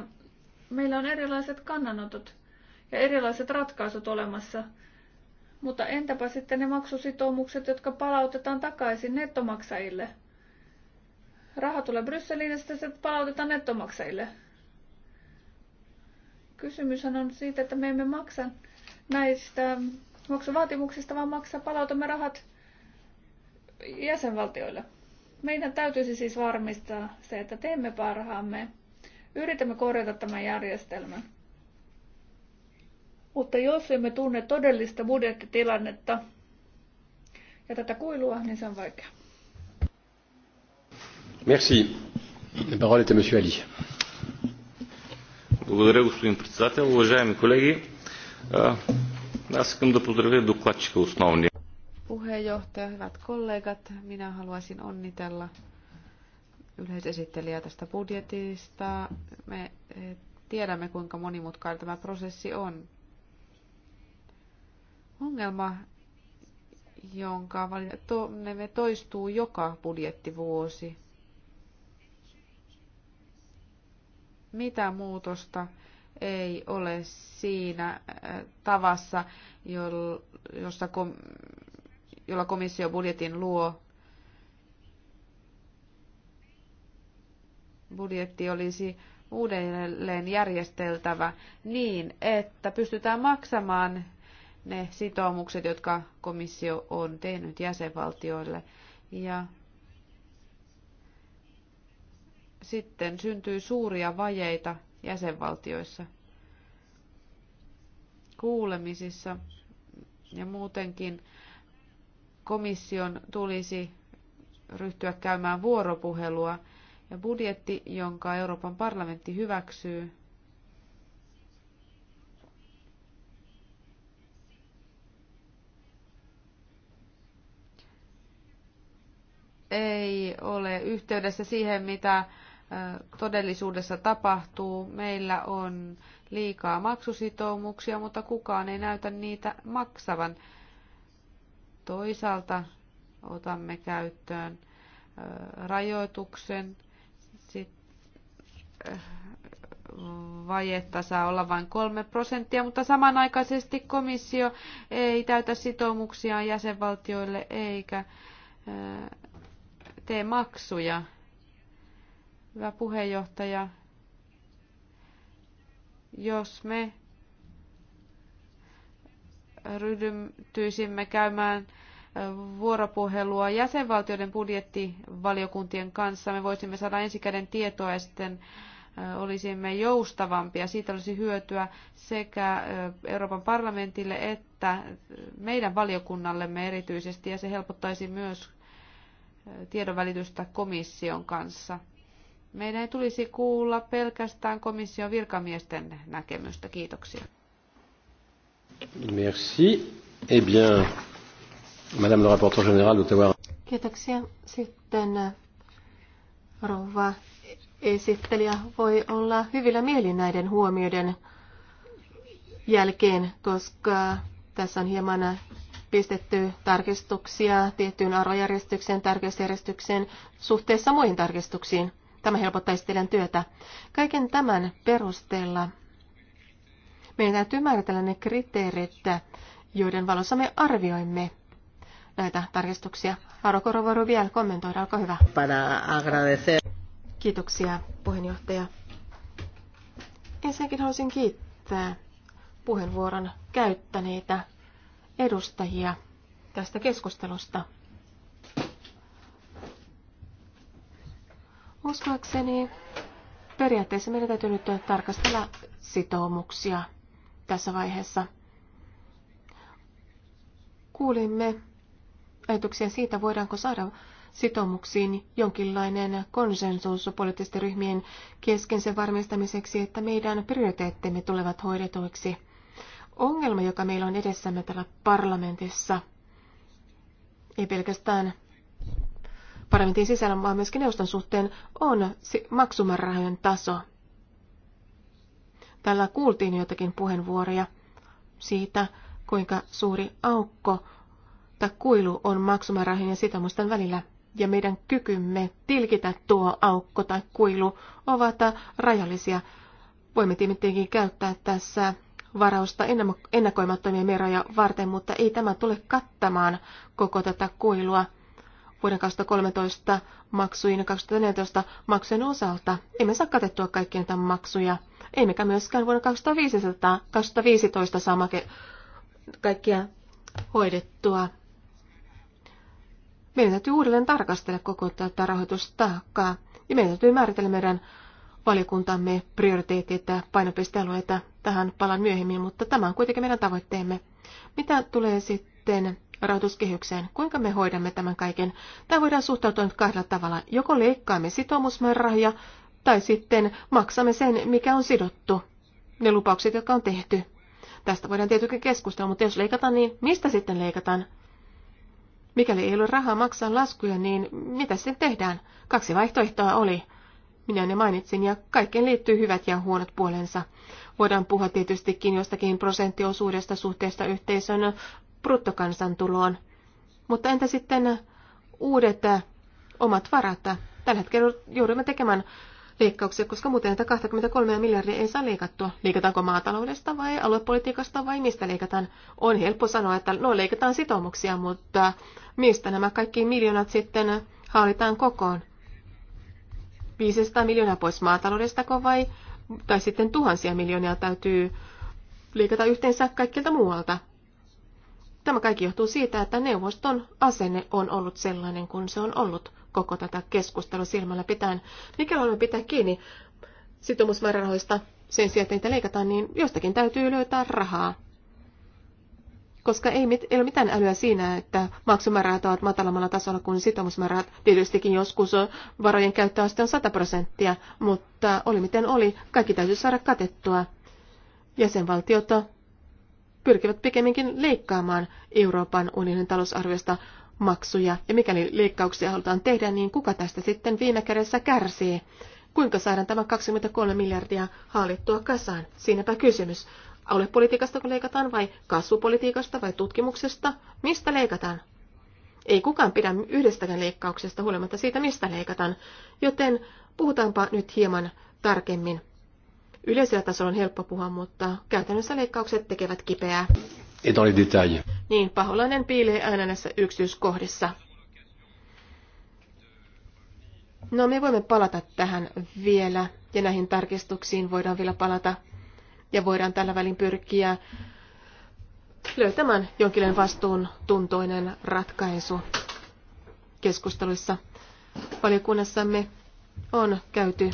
meillä on erilaiset kannanotot ja erilaiset ratkaisut olemassa. Mutta entäpä sitten ne maksusitoumukset, jotka palautetaan takaisin nettomaksajille – Raha tulee Brysseliin ja sitten se palautetaan nettomaksajille. Kysymyshän on siitä, että me emme maksa näistä maksuvaatimuksista, vaan maksaa palautamme rahat jäsenvaltioille. Meidän täytyisi siis varmistaa se, että teemme parhaamme. Yritämme korjata tämän järjestelmän. Mutta jos emme tunne todellista budjettitilannetta ja tätä kuilua, niin se on vaikea. Merci. La parole est à monsieur Али. Благодаря, господин председател. Уважаеми колеги, аз искам да поздравя докладчика основния. Puheenjohtaja, hyvät kollegat, minä haluaisin onnitella yleisesittelijää tästä budjetista. Me eh, tiedämme, kuinka monimutkainen tämä prosessi on. Ongelma, jonka valitettavasti toistuu joka budjettivuosi. mitä muutosta ei ole siinä äh, tavassa, jossa, jolla komissio budjetin luo. Budjetti olisi uudelleen järjesteltävä niin, että pystytään maksamaan ne sitoumukset, jotka komissio on tehnyt jäsenvaltioille. Ja sitten syntyy suuria vajeita jäsenvaltioissa. Kuulemisissa ja muutenkin komission tulisi ryhtyä käymään vuoropuhelua ja budjetti, jonka Euroopan parlamentti hyväksyy, ei ole yhteydessä siihen, mitä todellisuudessa tapahtuu. Meillä on liikaa maksusitoumuksia, mutta kukaan ei näytä niitä maksavan. Toisaalta otamme käyttöön rajoituksen. vajetta saa olla vain kolme prosenttia, mutta samanaikaisesti komissio ei täytä sitoumuksiaan jäsenvaltioille eikä tee maksuja. Hyvä puheenjohtaja, jos me ryhdytyisimme käymään vuoropuhelua jäsenvaltioiden budjettivaliokuntien kanssa. Me voisimme saada ensikäden tietoa ja sitten olisimme joustavampia. Siitä olisi hyötyä sekä Euroopan parlamentille että meidän valiokunnallemme erityisesti ja se helpottaisi myös tiedonvälitystä komission kanssa. Meidän ei tulisi kuulla pelkästään komission virkamiesten näkemystä. Kiitoksia. Merci. Eh bien, Madame le rapporteur général d'Ottawa. Kiitoksia. Sitten äh, rouva esittelijä voi olla hyvillä mielin näiden huomioiden jälkeen, koska tässä on hieman äh, pistetty tarkistuksia tiettyyn arvojärjestykseen, tarkistusjärjestykseen suhteessa muihin tarkistuksiin. Tämä helpottaisi teidän työtä. Kaiken tämän perusteella meidän täytyy määritellä ne kriteerit, joiden valossa me arvioimme näitä tarkistuksia. Aro Korovoru vielä kommentoida, olkaa hyvä. Kiitoksia, puheenjohtaja. Ensinnäkin haluaisin kiittää puheenvuoron käyttäneitä edustajia tästä keskustelusta. Uskoakseni periaatteessa meidän täytyy nyt tarkastella sitoumuksia tässä vaiheessa. Kuulimme ajatuksia siitä, voidaanko saada sitoumuksiin jonkinlainen konsensus poliittisten ryhmien kesken sen varmistamiseksi, että meidän prioriteettimme tulevat hoidetuiksi. Ongelma, joka meillä on edessämme täällä parlamentissa, ei pelkästään parlamentin sisällä, vaan myöskin neuvoston suhteen, on maksumäärärahojen taso. Tällä kuultiin jotakin puheenvuoroja siitä, kuinka suuri aukko tai kuilu on maksumäärärahojen ja sitoumusten välillä. Ja meidän kykymme tilkitä tuo aukko tai kuilu ovat rajallisia. Voimme tietenkin käyttää tässä varausta ennakoimattomia meroja varten, mutta ei tämä tule kattamaan koko tätä kuilua – vuoden 2013 maksujen ja 2014 maksujen osalta. Emme saa katettua kaikkia näitä maksuja, emmekä myöskään vuonna 2015, 2015 saa make, kaikkia hoidettua. Meidän täytyy uudelleen tarkastella koko tätä rahoitustaakkaa ja meidän täytyy määritellä meidän valiokuntamme prioriteetit ja painopistealueita. Tähän palaan myöhemmin, mutta tämä on kuitenkin meidän tavoitteemme. Mitä tulee sitten rahoituskehykseen. Kuinka me hoidamme tämän kaiken? Tämä voidaan suhtautua nyt kahdella tavalla. Joko leikkaamme sitoumusmäärärahoja, tai sitten maksamme sen, mikä on sidottu, ne lupaukset, jotka on tehty. Tästä voidaan tietysti keskustella, mutta jos leikataan, niin mistä sitten leikataan? Mikäli ei ole rahaa maksaa laskuja, niin mitä sitten tehdään? Kaksi vaihtoehtoa oli. Minä ne mainitsin ja kaikkeen liittyy hyvät ja huonot puolensa. Voidaan puhua tietystikin jostakin prosenttiosuudesta suhteesta yhteisön bruttokansantuloon. Mutta entä sitten uudet omat varat? Tällä hetkellä joudumme tekemään leikkauksia, koska muuten näitä 23 miljardia ei saa leikattua. Leikataanko maataloudesta vai aluepolitiikasta vai mistä leikataan? On helppo sanoa, että no leikataan sitoumuksia, mutta mistä nämä kaikki miljoonat sitten haalitaan kokoon? 500 miljoonaa pois maataloudestako vai, tai sitten tuhansia miljoonia täytyy leikata yhteensä kaikkialta muualta. Tämä kaikki johtuu siitä, että neuvoston asenne on ollut sellainen kuin se on ollut koko tätä keskustelua silmällä pitäen. Mikä olemme pitää kiinni sitoumusmäärärahoista sen sijaan, että niitä leikataan, niin jostakin täytyy löytää rahaa. Koska ei, mit, ei ole mitään älyä siinä, että maksumäärät ovat matalammalla tasolla kuin sitoumusmäärät. Tietystikin joskus varojen käyttöaste on 100 prosenttia, mutta oli miten oli, kaikki täytyy saada katettua. Jäsenvaltiota pyrkivät pikemminkin leikkaamaan Euroopan unionin talousarviosta maksuja. Ja mikäli leikkauksia halutaan tehdä, niin kuka tästä sitten viime kädessä kärsii? Kuinka saadaan tämä 23 miljardia hallittua kasaan? Siinäpä kysymys. Aluepolitiikasta kun leikataan vai kasvupolitiikasta vai tutkimuksesta? Mistä leikataan? Ei kukaan pidä yhdestäkään leikkauksesta huolimatta siitä, mistä leikataan, joten puhutaanpa nyt hieman tarkemmin Yleisellä tasolla on helppo puhua, mutta käytännössä leikkaukset tekevät kipeää. Et oli detail. Niin, paholainen piilee aina näissä yksityiskohdissa. No, me voimme palata tähän vielä, ja näihin tarkistuksiin voidaan vielä palata, ja voidaan tällä välin pyrkiä löytämään jonkinlainen vastuun tuntoinen ratkaisu keskusteluissa. Valiokunnassamme on käyty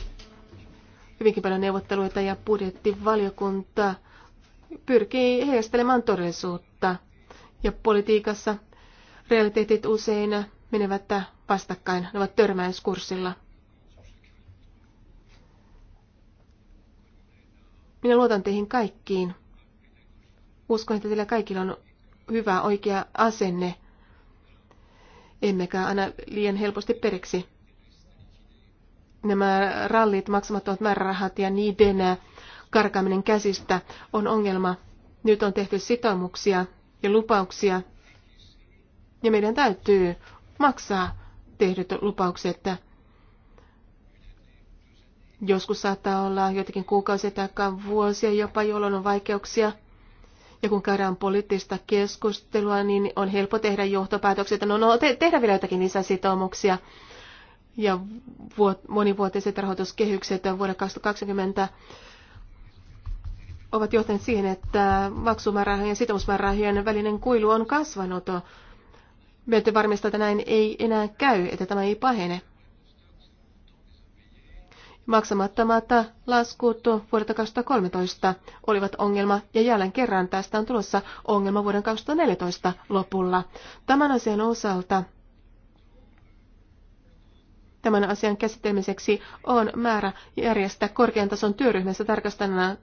hyvinkin paljon neuvotteluita ja budjettivaliokunta pyrkii heijastelemaan todellisuutta. Ja politiikassa realiteetit usein menevät vastakkain, ne ovat törmäyskurssilla. Minä luotan teihin kaikkiin. Uskon, että teillä kaikilla on hyvä oikea asenne, emmekä aina liian helposti periksi nämä rallit, maksamattomat määrärahat ja niiden karkaaminen käsistä on ongelma. Nyt on tehty sitoumuksia ja lupauksia, ja meidän täytyy maksaa tehdyt lupaukset. Joskus saattaa olla jotakin kuukausia tai vuosia jopa, jolloin on vaikeuksia. Ja kun käydään poliittista keskustelua, niin on helppo tehdä johtopäätöksiä, että no, no te- tehdään vielä jotakin lisäsitoumuksia. sitoumuksia ja monivuotiset rahoituskehykset vuodelle 2020 ovat johtaneet siihen, että maksumäärärahojen ja sitoumusmäärärahojen välinen kuilu on kasvanut. Meidän varmistaa, että näin ei enää käy, että tämä ei pahene. Maksamattomat laskut vuodelta 2013 olivat ongelma ja jälleen kerran tästä on tulossa ongelma vuoden 2014 lopulla. Tämän asian osalta Tämän asian käsittelemiseksi on määrä järjestää korkean tason työryhmässä tarkastamaan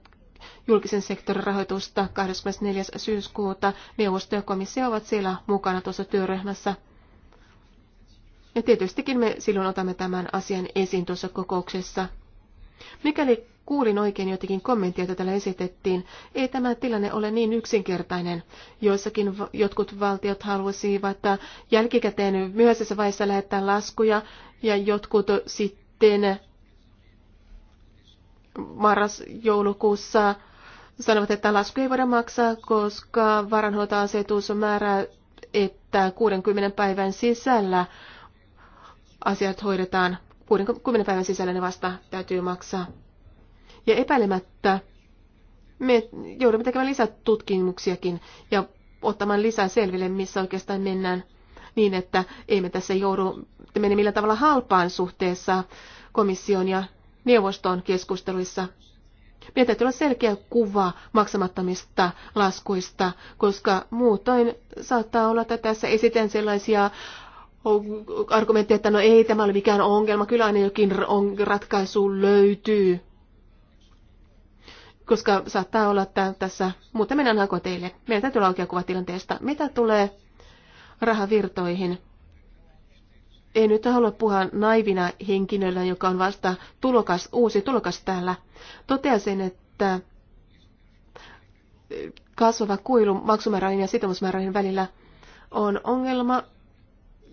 julkisen sektorin rahoitusta 24. syyskuuta. Neuvosto ja komissio ovat siellä mukana tuossa työryhmässä. Ja tietystikin me silloin otamme tämän asian esiin tuossa kokouksessa. Mikäli kuulin oikein jotakin kommenttia, joita täällä esitettiin, ei tämä tilanne ole niin yksinkertainen. Joissakin jotkut valtiot halusivat jälkikäteen myöhäisessä vaiheessa lähettää laskuja ja jotkut sitten marras-joulukuussa sanovat, että lasku ei voida maksaa, koska varanhoitoasetus on määrä, että 60 päivän sisällä asiat hoidetaan. 60 päivän sisällä ne vasta täytyy maksaa. Ja epäilemättä me joudumme tekemään lisätutkimuksiakin ja ottamaan lisää selville, missä oikeastaan mennään – niin, että emme tässä joudu mene millä tavalla halpaan suhteessa komission ja neuvoston keskusteluissa. Meidän täytyy olla selkeä kuva maksamattomista laskuista, koska muutoin saattaa olla, että tässä esitän sellaisia argumentteja, että no ei tämä ole mikään ongelma, kyllä aina jokin ratkaisu löytyy. Koska saattaa olla, että tässä muuten mennään teille. Meidän täytyy olla oikea kuva tilanteesta. Mitä tulee rahavirtoihin. En nyt halua puhua naivina henkilöllä, joka on vasta tulokas, uusi tulokas täällä. Toteasin, että kasvava kuilu maksumäärän ja sitomusmäärän välillä on ongelma,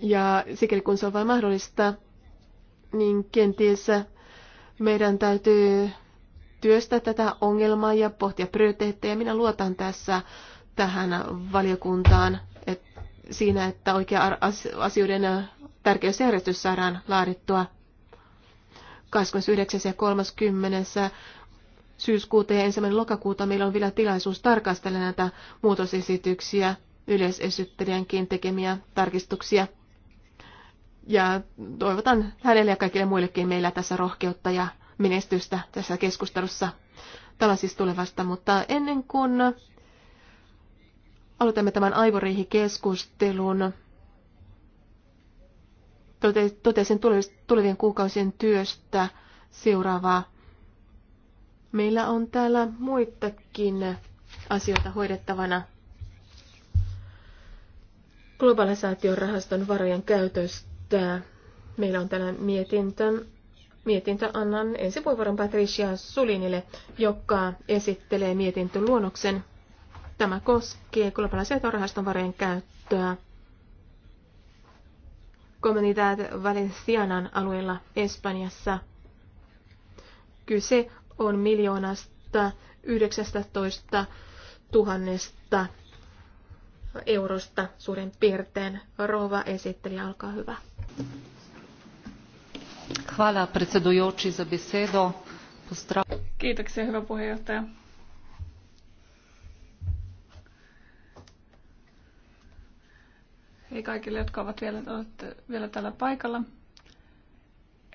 ja sikäli kun se on vain mahdollista, niin kenties meidän täytyy työstää tätä ongelmaa ja pohtia prioriteetteja. Minä luotan tässä tähän valiokuntaan siinä, että oikea asioiden tärkeysjärjestys saadaan laadittua 29. ja 30. syyskuuta ja 1. lokakuuta meillä on vielä tilaisuus tarkastella näitä muutosesityksiä, yleisesittelijänkin tekemiä tarkistuksia. Ja toivotan hänelle ja kaikille muillekin meillä tässä rohkeutta ja menestystä tässä keskustelussa. Tämä siis tulevasta, mutta ennen kuin aloitamme tämän aivoriihikeskustelun. Totesin tulevien kuukausien työstä seuraavaa. Meillä on täällä muitakin asioita hoidettavana. Globalisaatiorahaston varojen käytöstä. Meillä on täällä mietintö. Mietintö annan ensi puheenvuoron Patricia Sulinille, joka esittelee mietintöluonnoksen. Tämä koskee globaalisen rahaston varojen käyttöä Comunidad Valencianan alueella Espanjassa. Kyse on miljoonasta 19 tuhannesta eurosta suurin piirtein. Rova esitteli, alkaa hyvä. Hvala predsedujoči za besedo. Kiitoksia, hyvä puheenjohtaja. Ei kaikille, jotka ovat vielä, olette vielä täällä paikalla.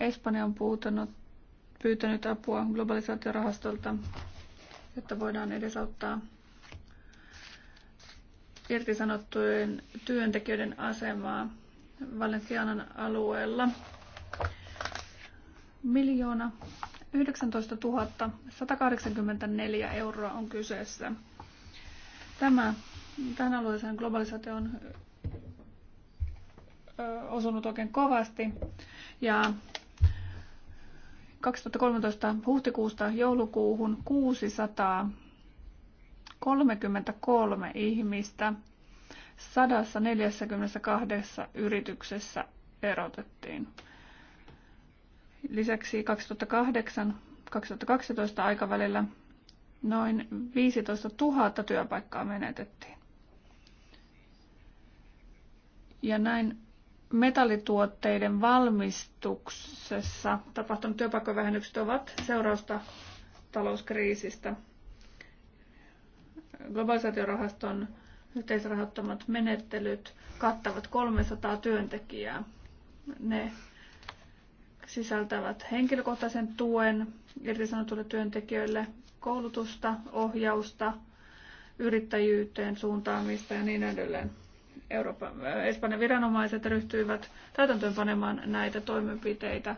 Espanja on puutunut, pyytänyt apua globalisaatiorahastolta, jotta voidaan edesauttaa irtisanottujen työntekijöiden asemaa Valencianan alueella. Miljoona 19 184 euroa on kyseessä. Tämä, tämän alueeseen globalisaation osunut oikein kovasti. Ja 2013 huhtikuusta joulukuuhun 633 ihmistä 142 yrityksessä erotettiin. Lisäksi 2008-2012 aikavälillä noin 15 000 työpaikkaa menetettiin. Ja näin metallituotteiden valmistuksessa tapahtunut työpaikkavähennykset ovat seurausta talouskriisistä. Globalisaatiorahaston yhteisrahoittamat menettelyt kattavat 300 työntekijää. Ne sisältävät henkilökohtaisen tuen irtisanotuille työntekijöille, koulutusta, ohjausta, yrittäjyyteen suuntaamista ja niin edelleen. Euroopan, äh, Espanjan viranomaiset ryhtyivät täytäntöönpanemaan näitä toimenpiteitä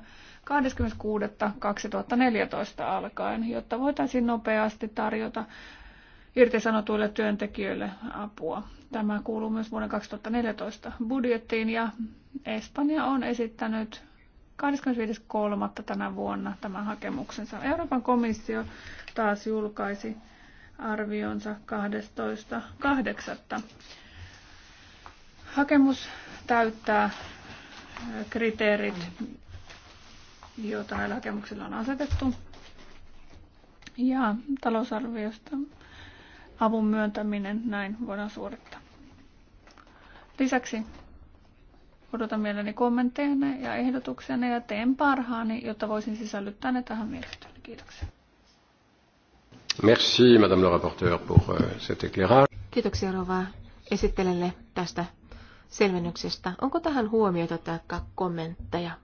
26.2014 alkaen, jotta voitaisiin nopeasti tarjota irtisanotuille työntekijöille apua. Tämä kuuluu myös vuoden 2014 budjettiin ja Espanja on esittänyt 25.3. tänä vuonna tämän hakemuksensa. Euroopan komissio taas julkaisi arvionsa 12.8. Hakemus täyttää äh, kriteerit, joita näillä hakemuksilla on asetettu. Ja talousarviosta avun myöntäminen näin voidaan suorittaa. Lisäksi odotan mielelläni kommentteja ja ehdotuksia ja teen parhaani, jotta voisin sisällyttää ne tähän mietintöön. Kiitoksia. Merci, Madame la rapporteur, pour euh, cet éclairage. Kiitoksia Rova esittelelle tästä selvennyksestä. Onko tähän huomiota tai kommentteja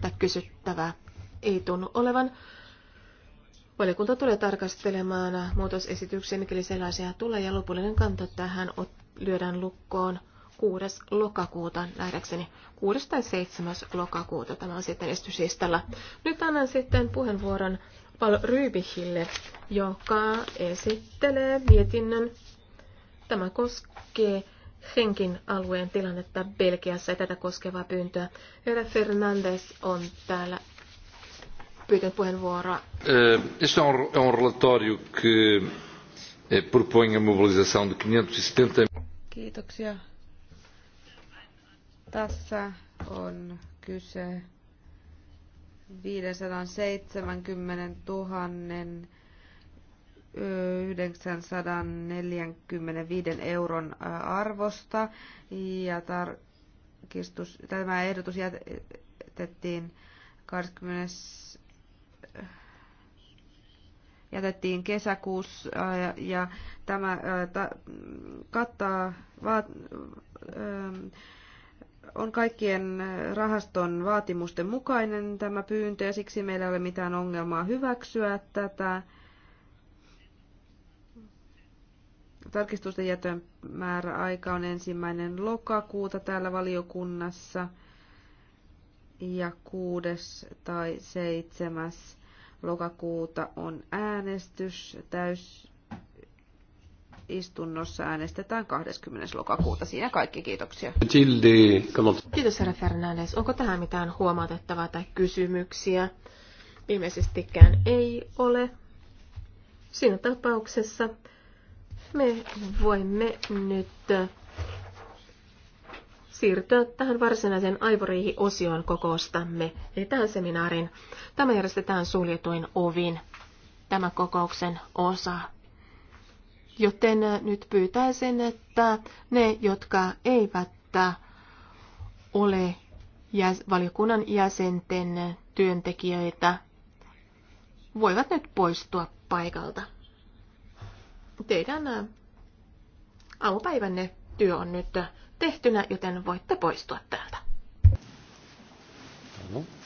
tai kysyttävää? Ei tunnu olevan. Valiokunta tulee tarkastelemaan muutosesityksiä, mikäli sellaisia tulee, ja lopullinen kanta tähän lyödään lukkoon 6. lokakuuta, nähdäkseni 6. tai 7. lokakuuta. Tämä on sitten esityslistalla. Nyt annan sitten puheenvuoron Paul Rybihille, joka esittelee mietinnön. Tämä koskee Henkin alueen tilannetta Belgiassa ja tätä koskevaa pyyntöä. Herra Fernandes on täällä pyytänyt puheenvuoroa. Tämä on un relatorio, joka propõe a 570... E Kiitoksia. Tässä on kyse 570 000 945 euron arvosta ja tarkistus, tämä ehdotus jätettiin 20 jätettiin kesäkuussa ja, ja tämä ta, kattaa vaat, on kaikkien rahaston vaatimusten mukainen tämä pyyntö ja siksi meillä ei ole mitään ongelmaa hyväksyä tätä tarkistusten jätön määräaika on ensimmäinen lokakuuta täällä valiokunnassa ja kuudes tai seitsemäs lokakuuta on äänestys. Täysistunnossa äänestetään 20. lokakuuta. Siinä kaikki, kiitoksia. Kiitos herra Fernandes. Onko tähän mitään huomautettavaa tai kysymyksiä? Ilmeisestikään ei ole. Siinä tapauksessa me voimme nyt siirtyä tähän varsinaiseen aivoriihi-osioon kokoustamme, eli tähän seminaariin. Tämä järjestetään suljetuin ovin, tämän kokouksen osa. Joten nyt pyytäisin, että ne, jotka eivät ole valiokunnan jäsenten työntekijöitä, voivat nyt poistua paikalta. Teidän äh, aamupäivänne työ on nyt tehtynä, joten voitte poistua täältä. No.